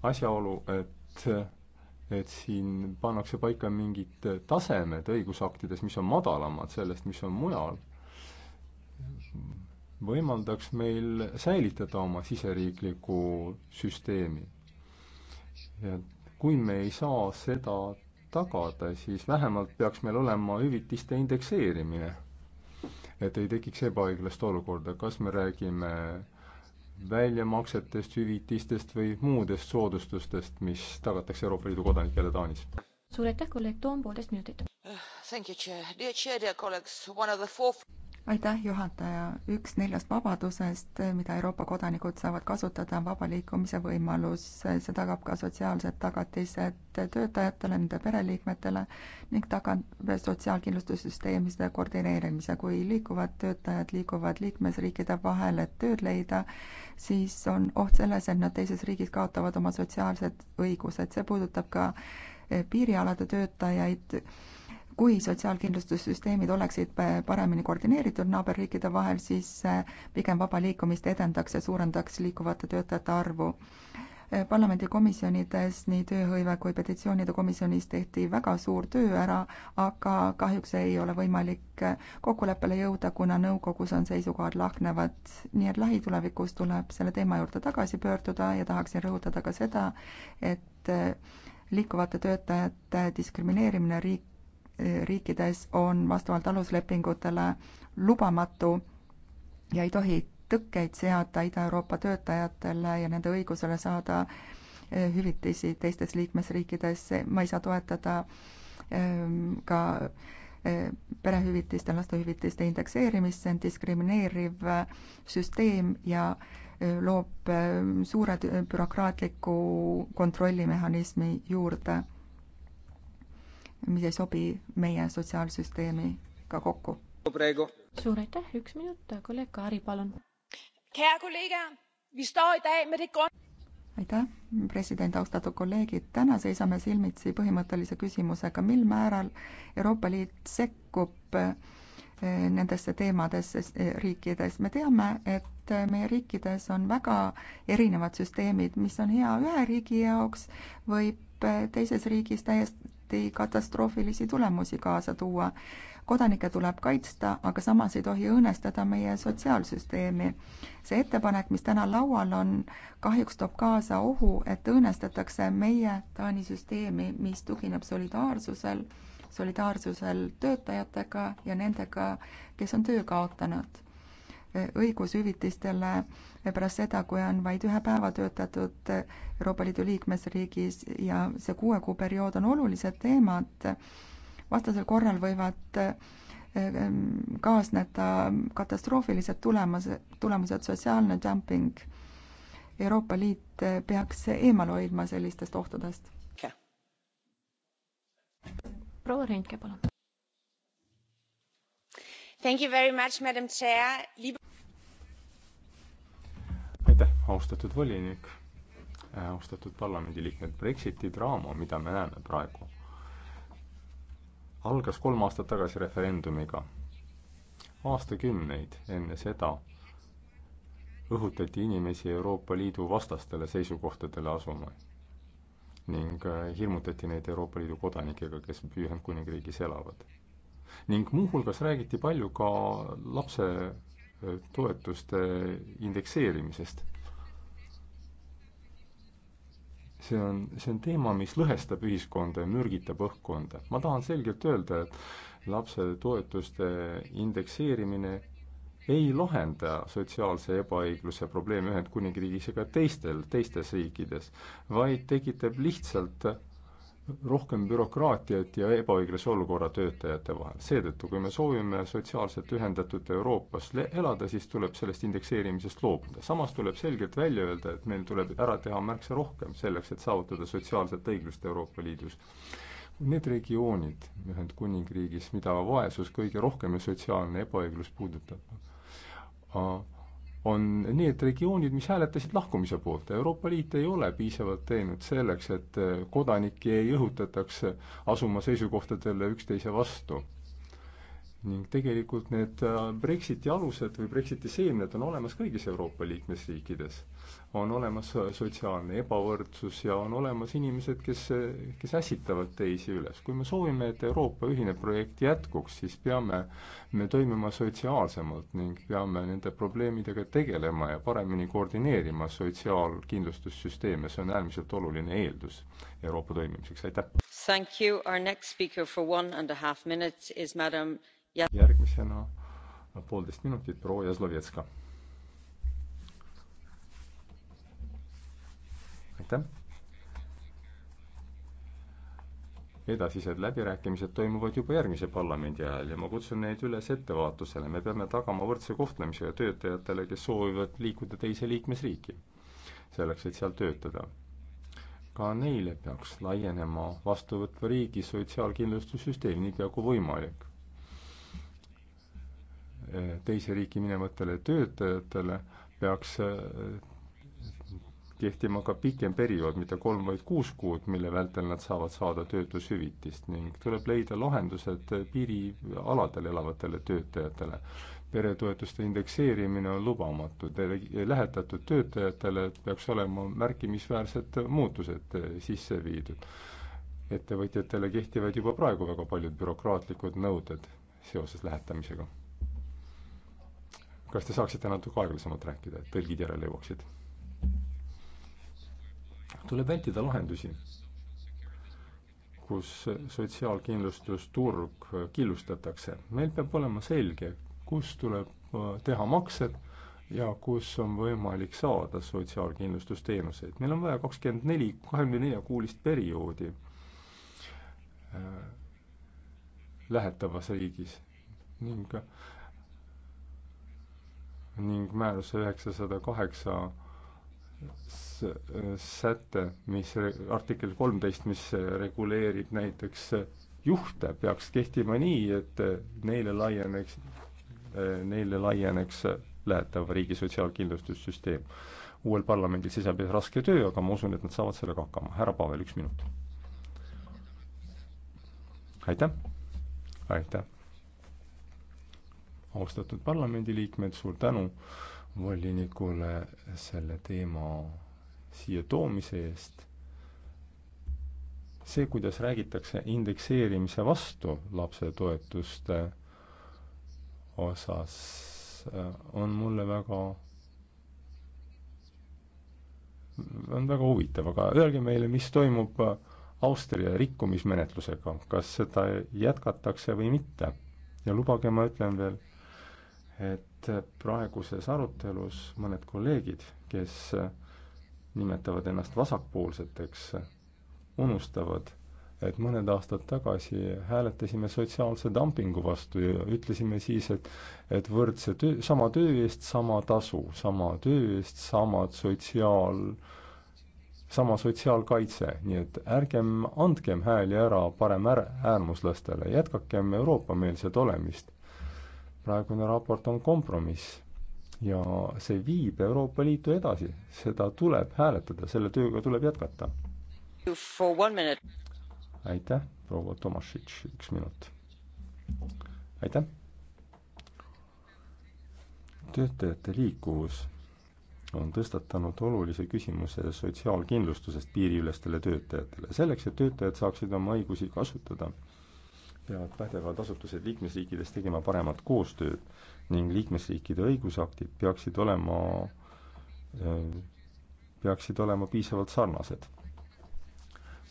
asjaolu, et, et siin pannakse paika mingid tasemed õigusaktides, mis on madalamad sellest, mis on mujal, võimaldaks meil säilitada oma siseriikliku süsteemi. ja kui me ei saa seda tagada, siis vähemalt peaks meil olema hüvitiste indekseerimine et ei tekiks ebaõiglast olukorda, kas me räägime väljamaksetest, hüvitistest või muudest soodustustest, mis tagatakse Euroopa Liidu kodanikele Taanis. suur aitäh, kolleeg Toom, poolteist minutit aitäh, juhataja. üks neljast vabadusest, mida Euroopa kodanikud saavad kasutada, on vaba liikumise võimalus. see tagab ka sotsiaalsed tagatised töötajatele, nende pereliikmetele ning tagab sotsiaalkindlustussüsteemide koordineerimise. kui liikuvad töötajad liiguvad liikmesriikide vahel, et tööd leida, siis on oht selles, et nad teises riigis kaotavad oma sotsiaalsed õigused. see puudutab ka piirialade töötajaid kui sotsiaalkindlustussüsteemid oleksid paremini koordineeritud naaberriikide vahel, siis äh, pigem vaba liikumist edendaks ja suurendaks liikuvate töötajate arvu. Äh, parlamendikomisjonides, nii tööhõive kui petitsioonide komisjonis tehti väga suur töö ära, aga kahjuks ei ole võimalik äh, kokkuleppele jõuda, kuna nõukogus on seisukohad lahknevad. nii et lähitulevikus tuleb selle teema juurde tagasi pöörduda ja tahaksin rõhutada ka seda, et liikuvate töötajate diskrimineerimine riik riikides on vastavalt aluslepingutele lubamatu ja ei tohi tõkkeid seada Ida-Euroopa töötajatele ja nende õigusele saada eh, hüvitisi teistes liikmesriikides, ma ei saa toetada ehm, ka eh, perehüvitiste, lastehüvitiste indekseerimist, see on diskrimineeriv eh, süsteem ja loob suure bürokraatliku kontrollimehhanismi juurde mis ei sobi meie sotsiaalsüsteemiga kokku. suur aitäh, üks minut, kolleeg Kaari, palun. aitäh, president, austatud kolleegid, täna seisame silmitsi põhimõttelise küsimusega, mil määral Euroopa Liit sekkub eh, nendesse teemadesse eh, riikides. me teame, et meie riikides on väga erinevad süsteemid, mis on hea ühe riigi jaoks, võib eh, teises riigis täiesti samuti katastroofilisi tulemusi kaasa tuua. kodanikke tuleb kaitsta, aga samas ei tohi õõnestada meie sotsiaalsüsteemi. see ettepanek, mis täna laual on, kahjuks toob kaasa ohu, et õõnestatakse meie Taani süsteemi, mis tugineb solidaarsusel, solidaarsusel töötajatega ja nendega, kes on töö kaotanud õigus hüvitistele pärast seda, kui on vaid ühe päeva töötatud Euroopa Liidu liikmesriigis ja see kuue kuu periood on olulised teemad. vastasel korral võivad ehm, kaasneda katastroofilised tulemused, tulemused, sotsiaalne dumping. Euroopa Liit peaks eemale hoidma sellistest ohtudest. proua Rindke, palun. Much, madam president austatud volinik, äh, austatud parlamendiliikmed, Brexiti draama, mida me näeme praegu, algas kolm aastat tagasi referendumiga. aastakümneid enne seda õhutati inimesi Euroopa Liidu vastastele seisukohtadele asuma ning äh, hirmutati neid Euroopa Liidu kodanikega, kes Ühendkuningriigis elavad. ning muuhulgas räägiti palju ka lapse äh, toetuste indekseerimisest see on, see on teema, mis lõhestab ühiskonda ja mürgitab õhkkonda. ma tahan selgelt öelda, et lapsetoetuste indekseerimine ei lahenda sotsiaalse ebaõigluse probleemi Ühendkuningriigis ega teistel, teistes riikides, vaid tekitab lihtsalt rohkem bürokraatiat ja ebaõiglase olukorra töötajate vahel. seetõttu, kui me soovime sotsiaalselt ühendatud Euroopas elada, siis tuleb sellest indekseerimisest loobuda. samas tuleb selgelt välja öelda, et meil tuleb ära teha märksa rohkem selleks, et saavutada sotsiaalset õiglust Euroopa Liidus. Need regioonid Ühendkuningriigis, mida vaesus kõige rohkem ja sotsiaalne ebaõiglus puudutab, on need regioonid, mis hääletasid lahkumise poolt. Euroopa Liit ei ole piisavalt teinud selleks, et eh, kodanikke ei õhutataks asuma seisukohtadele üksteise vastu ning tegelikult need äh, Brexiti alused või Brexiti seemned on olemas kõigis Euroopa liikmesriikides. on olemas äh, sotsiaalne ebavõrdsus ja on olemas inimesed, kes, äh, kes ässitavad teisi üles. kui me soovime, et Euroopa ühine projekt jätkuks, siis peame me toimima sotsiaalsemalt ning peame nende probleemidega tegelema ja paremini koordineerima sotsiaalkindlustussüsteeme, see on äärmiselt oluline eeldus Euroopa toimimiseks, aitäh! ja järgmisena poolteist minutit proua Jazlovetska. aitäh. edasised läbirääkimised toimuvad juba järgmise parlamendi ajal ja ma kutsun neid üles ettevaatusele, me peame tagama võrdse kohtlemise töötajatele, kes soovivad liikuda teise liikmesriiki, selleks et seal töötada ka neile peaks laienema vastuvõtva riigi sotsiaalkindlustussüsteem niipea kui võimalik teise riiki minevatele töötajatele peaks eh, kehtima ka pikem periood, mitte kolm, vaid kuus kuud, mille vältel nad saavad saada töötushüvitist ning tuleb leida lahendused piirialadel elavatele töötajatele. peretoetuste indekseerimine on lubamatu, lähetatud töötajatele peaks olema märkimisväärsed muutused eh, sisse viidud. ettevõtjatele kehtivad juba praegu väga paljud bürokraatlikud nõuded seoses lähetamisega kas te saaksite natuke aeglasemalt rääkida, et tõlgid järele jõuaksid? tuleb vältida lahendusi, kus sotsiaalkindlustusturg killustatakse. meil peab olema selge, kus tuleb äh, teha maksed ja kus on võimalik saada sotsiaalkindlustusteenuseid. meil on vaja kakskümmend neli, kahekümne nelja kuulist perioodi äh, lähetavas riigis ning ning määruse üheksasada kaheksa säte, mis artikkel kolmteist, mis reguleerib näiteks juhte, peaks kehtima nii, et neile laieneks, neile laieneks lähetava riigi sotsiaalkindlustussüsteem. uuel parlamendil seisab ees raske töö, aga ma usun, et nad saavad sellega hakkama. härra Pavel, üks minut. aitäh, aitäh austatud parlamendiliikmed, suur tänu volinikule selle teema siia toomise eest. see, kuidas räägitakse indekseerimise vastu lapsetoetuste osas, on mulle väga, on väga huvitav, aga öelge meile, mis toimub Austria rikkumismenetlusega, kas seda jätkatakse või mitte. ja lubage, ma ütlen veel et praeguses arutelus mõned kolleegid, kes nimetavad ennast vasakpoolseteks, unustavad, et mõned aastad tagasi hääletasime sotsiaalse dumpingu vastu ja ütlesime siis, et et võrdse töö, sama töö eest sama tasu, sama töö eest samad sotsiaal, sama sotsiaalkaitse, nii et ärgem andkem hääli ära parem äär-, äärmuslastele, jätkakem Euroopa-meelset olemist praegune raport on kompromiss ja see viib Euroopa Liitu edasi, seda tuleb hääletada, selle tööga tuleb jätkata. aitäh, proua Tomašitš, üks minut. aitäh. töötajate liikuvus on tõstatanud olulise küsimuse sotsiaalkindlustusest piiriülestele töötajatele. selleks, et töötajad saaksid oma õigusi kasutada, peavad pädevad asutused liikmesriikides tegema paremat koostööd ning liikmesriikide õigusaktid peaksid olema, äh, peaksid olema piisavalt sarnased.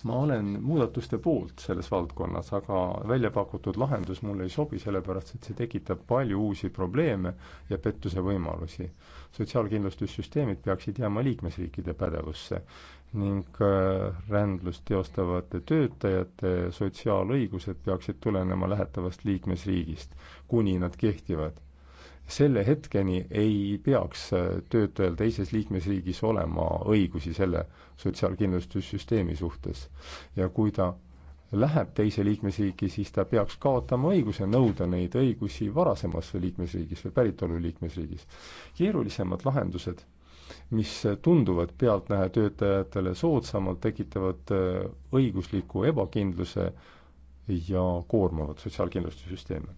ma olen muudatuste poolt selles valdkonnas, aga välja pakutud lahendus mulle ei sobi, sellepärast et see tekitab palju uusi probleeme ja pettuse võimalusi. sotsiaalkindlustussüsteemid peaksid jääma liikmesriikide pädevusse ning rändlust teostavate töötajate sotsiaalõigused peaksid tulenema lähetavast liikmesriigist, kuni nad kehtivad. selle hetkeni ei peaks töötajal teises liikmesriigis olema õigusi selle sotsiaalkindlustussüsteemi suhtes. ja kui ta läheb teise liikmesriiki, siis ta peaks kaotama õiguse nõuda neid õigusi varasemasse liikmesriigis või päritolu liikmesriigis. keerulisemad lahendused mis tunduvad pealtnäha töötajatele soodsamalt, tekitavad äh, õigusliku ebakindluse ja koormavad sotsiaalkindlustussüsteeme.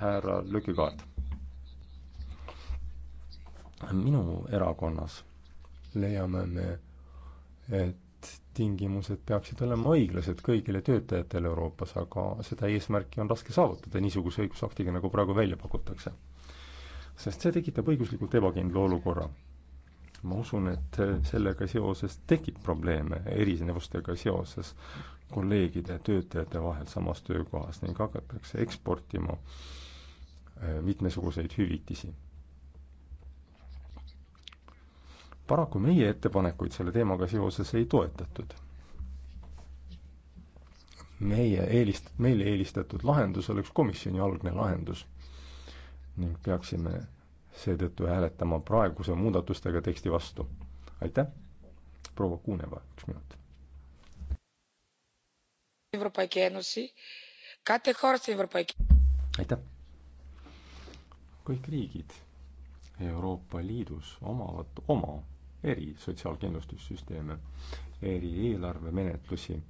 härra Lükikaart. minu erakonnas leiame me, et tingimused peaksid olema õiglased kõigile töötajatele Euroopas, aga seda eesmärki on raske saavutada niisuguse õigusaktiga, nagu praegu välja pakutakse. sest see tekitab õiguslikult ebakindla olukorra ma usun, et sellega seoses tekib probleeme erinevustega seoses kolleegide ja töötajate vahel samas töökohas ning hakatakse eksportima äh, mitmesuguseid hüvitisi. paraku meie ettepanekuid selle teemaga seoses ei toetatud. meie eelist-, meile eelistatud lahendus oleks komisjoni algne lahendus ning peaksime seetõttu hääletama praeguse muudatustega teksti vastu. aitäh, proua Kuuneva, üks minut. aitäh. kõik riigid Euroopa Liidus omavad oma eri sotsiaalkindlustussüsteeme, eri eelarvemenetlusi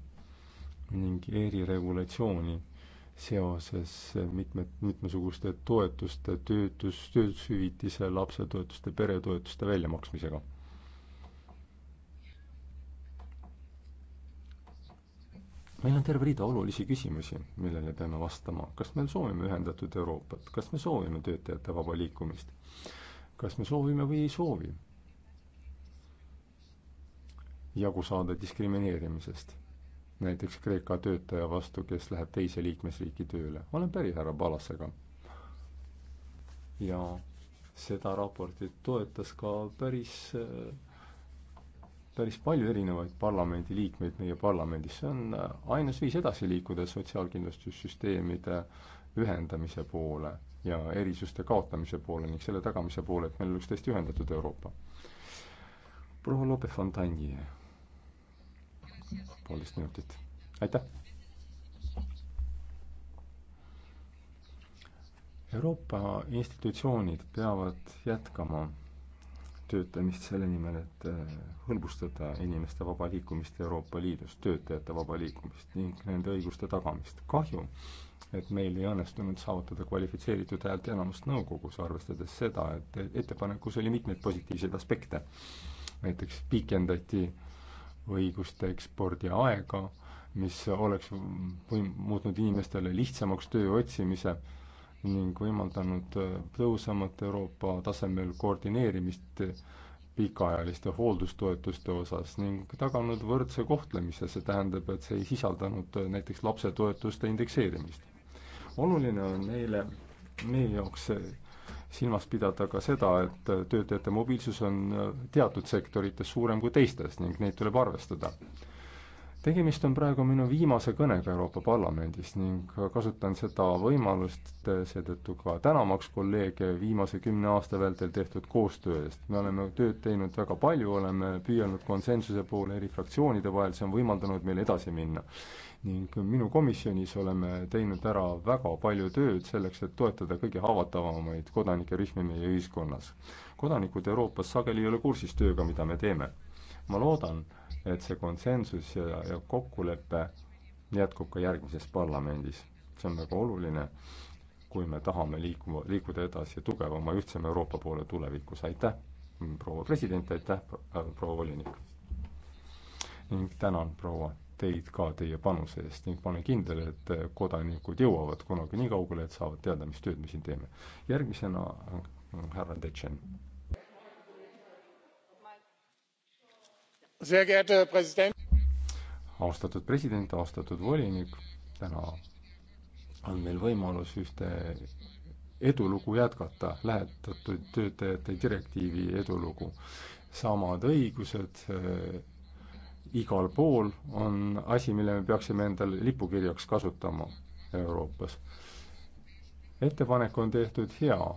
ning eri regulatsiooni seoses mitmed, mitmesuguste toetuste, töötus, töötushüvitise, lapsetoetuste, peretoetuste väljamaksmisega. meil on terve rida olulisi küsimusi, millele peame vastama. kas me soovime ühendatud Euroopat, kas me soovime töötajate vaba liikumist, kas me soovime või ei soovi jagu saada diskrimineerimisest näiteks Kreeka töötaja vastu, kes läheb teise liikmesriiki tööle. olen päri härra Palasega. ja seda raportit toetas ka päris, päris palju erinevaid parlamendiliikmeid meie parlamendis. see on ainus viis edasi liikuda sotsiaalkindlustussüsteemide ühendamise poole ja erisuste kaotamise poole ning selle tagamise poole, et meil oleks tõesti ühendatud Euroopa. proua Lope Fontanje poolteist minutit, aitäh. Euroopa institutsioonid peavad jätkama töötamist selle nimel, et äh, hõlbustada inimeste vaba liikumist Euroopa Liidus, töötajate vaba liikumist ning nende õiguste tagamist. kahju, et meil ei õnnestunud saavutada kvalifitseeritud häälteenamust nõukogus, arvestades seda, et ettepanekus oli mitmeid positiivseid aspekte. näiteks pikendati äh, õiguste ekspordi aega, mis oleks võim-, muutnud inimestele lihtsamaks töö otsimise ning võimaldanud tõhusamat Euroopa tasemel koordineerimist pikaajaliste hooldustoetuste osas ning taganud võrdse kohtlemise, see tähendab, et see ei sisaldanud näiteks lapsetoetuste indekseerimist. oluline on neile, meie jaoks see silmas pidada ka seda, et töötajate mobiilsus on teatud sektorites suurem kui teistes ning neid tuleb arvestada. tegemist on praegu minu viimase kõnega Euroopa Parlamendis ning kasutan seda võimalust seetõttu ka tänamaks kolleege viimase kümne aasta vältel tehtud koostöö eest. me oleme tööd teinud väga palju, oleme püüelnud konsensuse poole eri fraktsioonide vahel, see on võimaldanud meil edasi minna ning minu komisjonis oleme teinud ära väga palju tööd selleks, et toetada kõige haavatavamaid kodanikerühmi meie ühiskonnas. kodanikud Euroopas sageli ei ole kursis tööga, mida me teeme. ma loodan, et see konsensus ja, ja kokkulepe jätkub ka järgmises parlamendis. see on väga oluline, kui me tahame liikuma, liikuda edasi tugevama, ühtsema Euroopa poole tulevikus, aitäh, proua president, aitäh, äh, proua volinik! ning tänan, proua teid ka teie panuse eest ning ma olen kindel, et kodanikud jõuavad kunagi nii kaugele, et saavad teada, mis tööd me siin teeme. järgmisena äh, härra Detšen. austatud president, austatud volinik, täna on meil võimalus ühte edulugu jätkata, lähetatud töötajate direktiivi edulugu. samad õigused äh, igal pool, on asi, mille me peaksime endal lipukirjaks kasutama Euroopas. ettepanek on tehtud hea,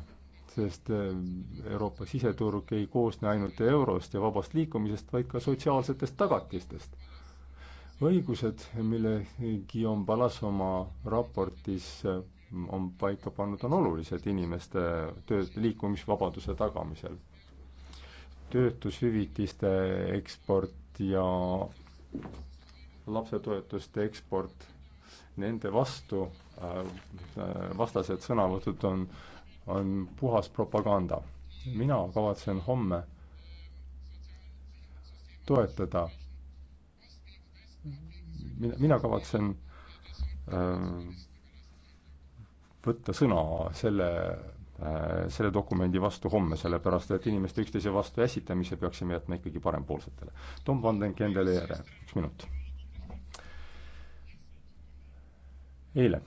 sest äh, Euroopa siseturg ei koosne ainult eurost ja vabast liikumisest, vaid ka sotsiaalsetest tagatistest. õigused, mille Guillaume Palas oma raportis äh, on paika pannud, on olulised inimeste töö, liikumisvabaduse tagamisel töötushüvitiste eksport, ja lapsetoetuste eksport, nende vastu äh, äh, vastased sõnavõtud on, on puhas propaganda. mina kavatsen homme toetada, mina, mina kavatsen öö, äh, võtta sõna selle Äh, selle dokumendi vastu homme, sellepärast et inimeste üksteise vastu ässitamise peaksime jätma ikkagi parempoolsetele. Tom van den Kendele järje, üks minut. eile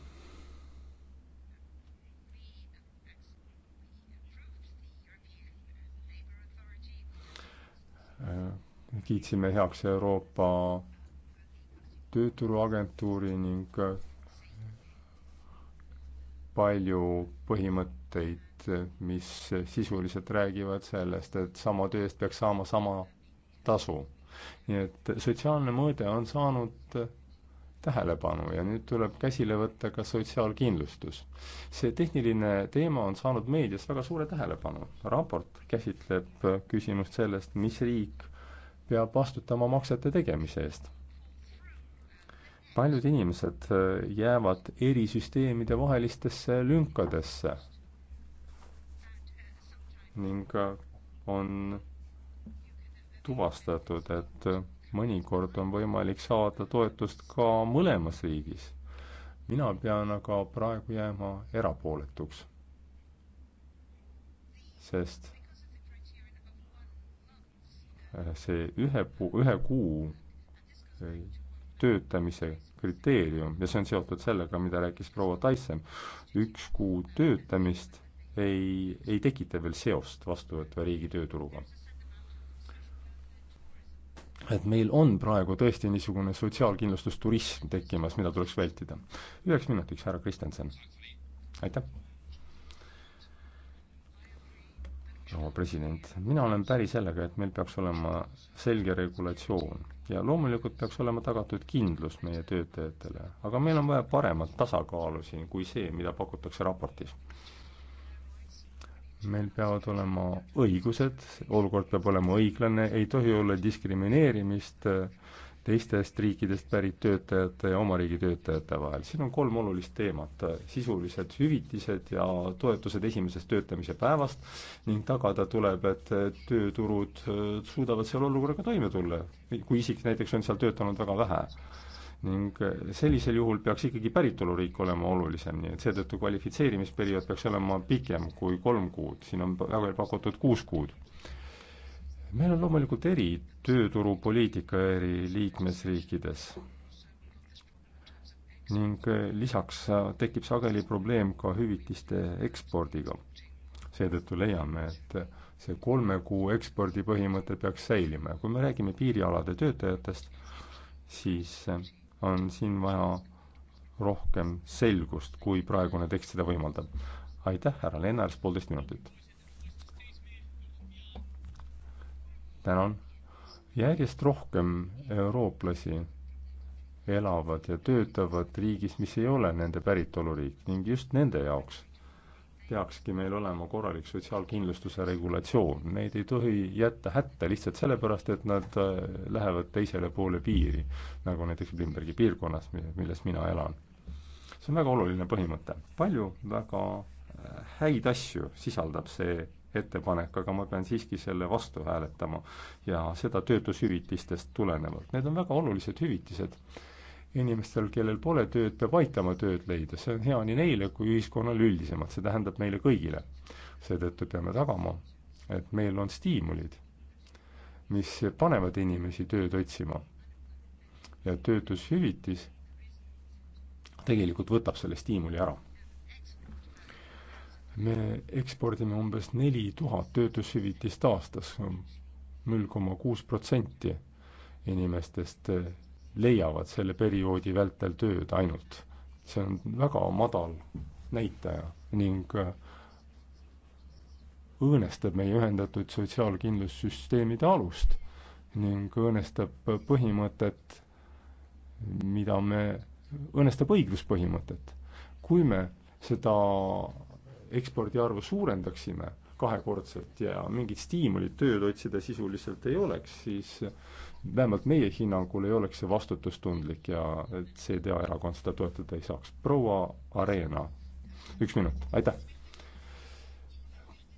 äh, kiitsime heaks Euroopa tööturuagentuuri ning palju põhimõt-, sätteid, mis sisuliselt räägivad sellest, et sama töö eest peaks saama sama tasu. nii et sotsiaalne mõõde on saanud tähelepanu ja nüüd tuleb käsile võtta ka sotsiaalkindlustus. see tehniline teema on saanud meedias väga suure tähelepanu. raport käsitleb küsimust sellest, mis riik peab vastutama maksete tegemise eest. paljud inimesed jäävad eri süsteemide vahelistesse lünkadesse ning äh, on tuvastatud, et mõnikord on võimalik saada toetust ka mõlemas riigis. mina pean aga praegu jääma erapooletuks, sest see ühe puu, ühe kuu äh, töötamise kriteerium ja see on seotud sellega, mida rääkis proua Tyson, üks kuu töötamist ei, ei tekita veel seost vastuvõtva riigi tööturuga. et meil on praegu tõesti niisugune sotsiaalkindlustusturism tekkimas, mida tuleks vältida. üheks minutiks, härra Kristjanson. aitäh. proua president, mina olen päri sellega, et meil peaks olema selge regulatsioon ja loomulikult peaks olema tagatud kindlus meie töötajatele, aga meil on vaja paremat tasakaalu siin kui see, mida pakutakse raportis meil peavad olema õigused, olukord peab olema õiglane, ei tohi olla diskrimineerimist äh, teistest riikidest pärit töötajate ja oma riigi töötajate vahel. siin on kolm olulist teemat, äh, sisulised hüvitised ja toetused esimesest töötamise päevast ning tagada tuleb, et äh, tööturud suudavad selle olukorraga toime tulla, kui isik näiteks on seal töötanud väga vähe ning eh, sellisel juhul peaks ikkagi päritoluriik olema olulisem, nii et seetõttu kvalifitseerimisperiood peaks olema pikem kui kolm kuud, siin on väga pakutud kuus kuud. meil on loomulikult eri tööturupoliitika eri liikmesriikides ning eh, lisaks eh, tekib sageli probleem ka hüvitiste ekspordiga. seetõttu leiame, et see kolme kuu ekspordipõhimõte peaks säilima ja kui me räägime piirialade töötajatest, siis on siin vaja rohkem selgust, kui praegune tekst seda võimaldab. aitäh, härra Lennart, poolteist minutit. tänan. järjest rohkem eurooplasi elavad ja töötavad riigis, mis ei ole nende päritoluriik ning just nende jaoks peakski meil olema korralik sotsiaalkindlustuse regulatsioon. Neid ei tohi jätta hätta lihtsalt sellepärast, et nad äh, lähevad teisele poole piiri, nagu näiteks Limbergi piirkonnas, milles mina elan. see on väga oluline põhimõte. palju väga äh, häid asju sisaldab see ettepanek, aga ma pean siiski selle vastu hääletama ja seda töötushüvitistest tulenevalt. Need on väga olulised hüvitised inimestel, kellel pole tööd, peab aitama tööd leida, see on hea nii neile kui ühiskonnale üldisemalt, see tähendab meile kõigile. seetõttu peame tagama, et meil on stiimulid, mis panevad inimesi tööd otsima. ja töötushüvitis tegelikult võtab selle stiimuli ära. me ekspordime umbes neli tuhat töötushüvitist aastas, null koma kuus protsenti inimestest leiavad selle perioodi vältel tööd ainult. see on väga madal näitaja ning äh, õõnestab meie ühendatud sotsiaalkindlustussüsteemide alust ning õõnestab põhimõtet, mida me, õõnestab õigluspõhimõtet. kui me seda ekspordi arvu suurendaksime, kahekordselt ja mingit stiimulit tööd otsida sisuliselt ei oleks, siis vähemalt meie hinnangul ei oleks see vastutustundlik ja CDA erakond seda toetada ei saaks. proua Arena, üks minut, aitäh!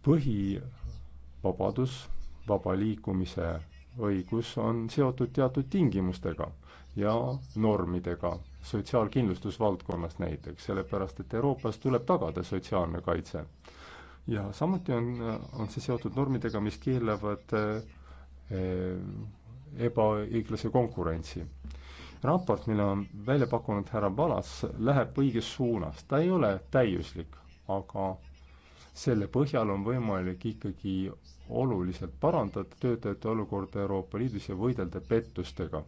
põhivabadus, vaba liikumise õigus on seotud teatud tingimustega ja normidega, sotsiaalkindlustusvaldkonnas näiteks, sellepärast et Euroopas tuleb tagada sotsiaalne kaitse ja samuti on, on see seotud normidega, mis keelavad eh, ebaõiglase konkurentsi. raport, mille on välja pakkunud härra Palas, läheb õiges suunas, ta ei ole täiuslik, aga selle põhjal on võimalik ikkagi oluliselt parandada töötajate olukorda Euroopa Liidus ja võidelda pettustega,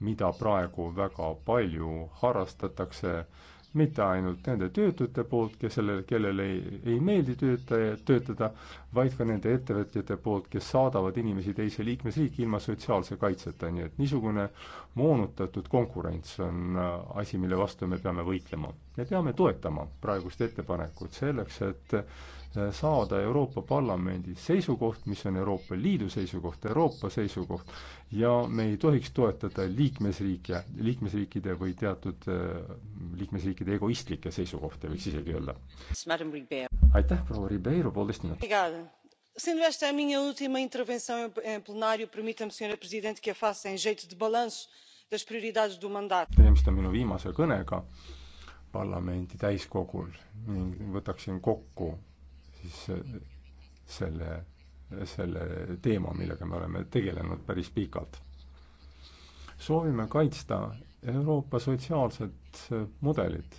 mida praegu väga palju harrastatakse äh, mitte ainult nende töötute poolt, kes sellele, kellele ei, ei meeldi töötaja, töötada, vaid ka nende ettevõtjate poolt, kes saadavad inimesi teise liikmesriiki ilma sotsiaalse kaitseta, nii et niisugune moonutatud konkurents on äh, asi, mille vastu me peame võitlema. me peame toetama praegust ettepanekut selleks, et Äh, saada Euroopa Parlamendi seisukoht, mis on Euroopa Liidu seisukoht, Euroopa seisukoht, ja me ei tohiks toetada liikmesriike, liikmesriikide või teatud äh, liikmesriikide egoistlikke seisukohti, võiks isegi öelda. aitäh, proua Ribeiro, poolteist minutit. Sendo esta a minha última intervenção em plenário, permita-me, Sra. Presidente, que a faça em jeito de balanço das prioridades do mandato. tegemist on minu viimase kõnega parlamendi täiskogul ning võtaksin kokku siis äh, selle, selle teema, millega me oleme tegelenud päris pikalt. soovime kaitsta Euroopa sotsiaalset äh, mudelit,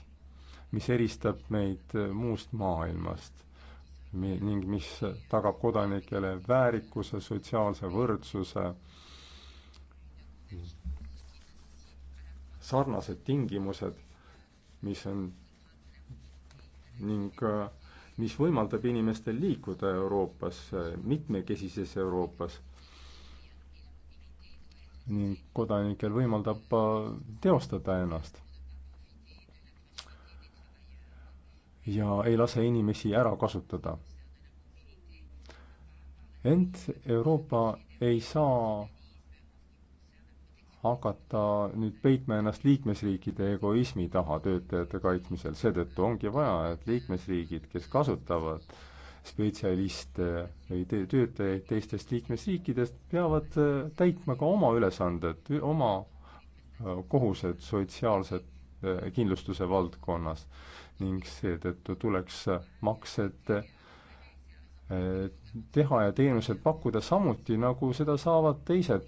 mis eristab meid äh, muust maailmast ning mis tagab kodanikele väärikuse, sotsiaalse võrdsuse, sarnased tingimused, mis on ning äh, mis võimaldab inimestel liikuda Euroopas, mitmekesises Euroopas ning kodanikel võimaldab teostada ennast. ja ei lase inimesi ära kasutada. ent Euroopa ei saa hakata nüüd peitma ennast liikmesriikide egoismi taha töötajate kaitsmisel, seetõttu ongi vaja, et liikmesriigid, kes kasutavad spetsialiste või töötajaid teistest liikmesriikidest, peavad äh, täitma ka oma ülesanded, oma äh, kohused sotsiaalse äh, kindlustuse valdkonnas ning seetõttu tuleks maksed teha ja teenuseid pakkuda samuti, nagu seda saavad teised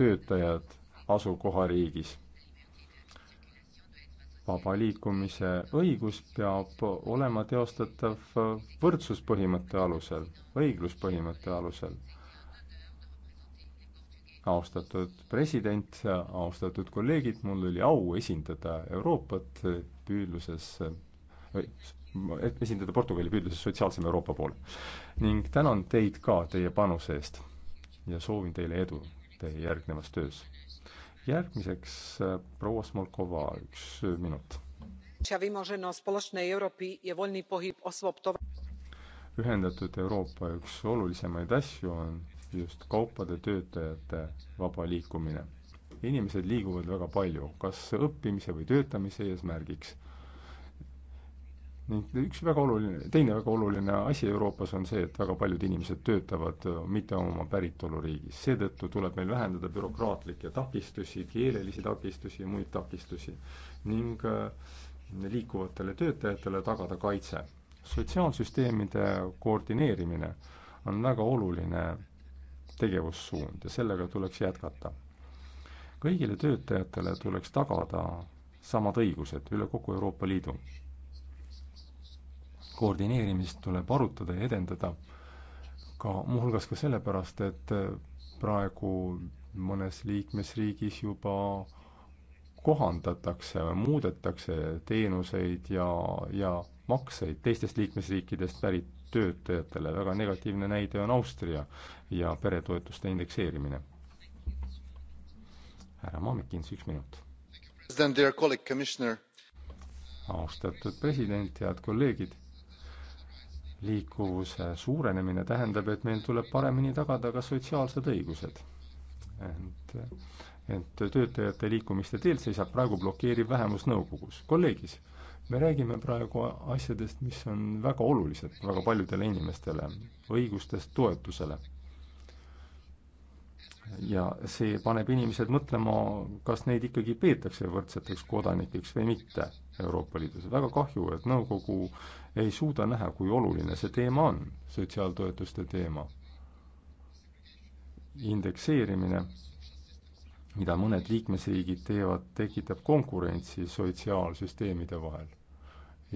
töötajad asukohariigis. vaba liikumise õigus peab olema teostatav võrdsuspõhimõtte alusel, õigluspõhimõtte alusel. austatud president, austatud kolleegid, mul oli au esindada Euroopat püüdluses esindada Portugali püüdluses sotsiaalsema Euroopa poole. ning tänan teid ka teie panuse eest ja soovin teile edu teie järgnevas töös järgmiseks äh, proua Smolkova, üks minut. ühendatud Euroopa üks olulisemaid asju on just kaupade, töötajate vaba liikumine. inimesed liiguvad väga palju, kas õppimise või töötamise eesmärgiks ning üks väga oluline, teine väga oluline asi Euroopas on see, et väga paljud inimesed töötavad äh, mitte oma päritoluriigis. seetõttu tuleb meil vähendada bürokraatlikke takistusi, keelelisi takistusi ja muid takistusi ning äh, liikuvatele töötajatele tagada kaitse. sotsiaalsüsteemide koordineerimine on väga oluline tegevussuund ja sellega tuleks jätkata. kõigile töötajatele tuleks tagada samad õigused üle kogu Euroopa Liidu koordineerimist tuleb arutada ja edendada ka muuhulgas ka sellepärast, et praegu mõnes liikmesriigis juba kohandatakse, muudetakse teenuseid ja, ja makseid teistest liikmesriikidest pärit töötajatele. väga negatiivne näide on Austria ja peretoetuste indekseerimine. härra Mamikins, üks minut. austatud president, head kolleegid liikuvuse suurenemine tähendab, et meil tuleb paremini tagada ka sotsiaalsed õigused. et, et töötajate liikumiste teel seisab praegu blokeeriv vähemus nõukogus. kolleegis, me räägime praegu asjadest, mis on väga olulised väga paljudele inimestele, õigustest toetusele ja see paneb inimesed mõtlema, kas neid ikkagi peetakse võrdseteks kodanikeks või mitte Euroopa Liidus. väga kahju, et nõukogu ei suuda näha, kui oluline see teema on, sotsiaaltoetuste teema. indekseerimine, mida mõned liikmesriigid teevad, tekitab konkurentsi sotsiaalsüsteemide vahel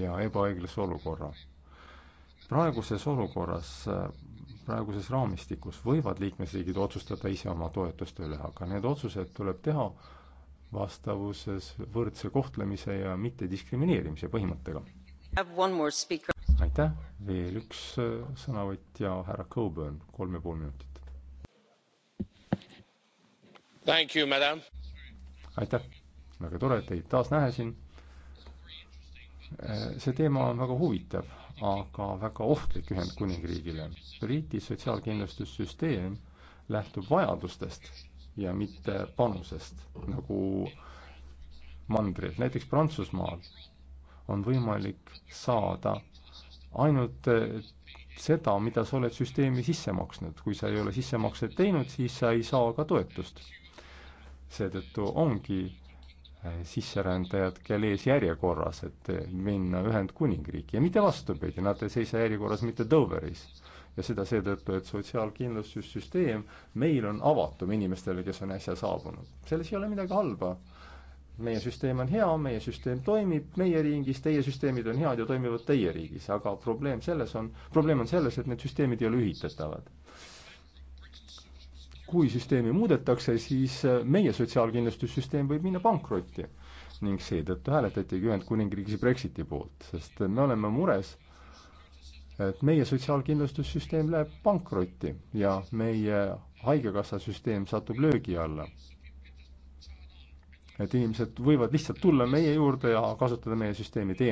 ja ebaõiglase olukorra. praeguses olukorras praeguses raamistikus võivad liikmesriigid otsustada ise oma toetuste üle, aga need otsused tuleb teha vastavuses võrdse kohtlemise ja mittediskrimineerimise põhimõttega. aitäh, veel üks äh, sõnavõtja, härra Coburn, kolm ja pool minutit. aitäh, väga tore teid taas näha siin. Äh, see teema on väga huvitav aga väga ohtlik Ühendkuningriigile. Briti sotsiaalkindlustussüsteem lähtub vajadustest ja mitte panusest, nagu mandril, näiteks Prantsusmaal on võimalik saada ainult eh, seda, mida sa oled süsteemi sisse maksnud. kui sa ei ole sissemakset teinud, siis sa ei saa ka toetust. seetõttu ongi Äh, sisserändajad, kelle ees järjekorras, et äh, minna Ühendkuningriiki ja mitte vastupidi, nad ei seisa järjekorras mitte Doveris. ja seda seetõttu, et sotsiaalkindlustussüsteem meil on avatum inimestele, kes on äsja saabunud. selles ei ole midagi halba. meie süsteem on hea, meie süsteem toimib meie riigis, teie süsteemid on head ja toimivad teie riigis, aga probleem selles on, probleem on selles, et need süsteemid ei ole ühitatavad kui süsteemi muudetakse, siis äh, meie sotsiaalkindlustussüsteem võib minna pankrotti. ning seetõttu hääletatigi Ühendkuningriigis Brexiti poolt, sest me oleme mures, et meie sotsiaalkindlustussüsteem läheb pankrotti ja meie haigekassasüsteem satub löögi alla. et inimesed võivad lihtsalt tulla meie juurde ja kasutada meie süsteemi teenustena.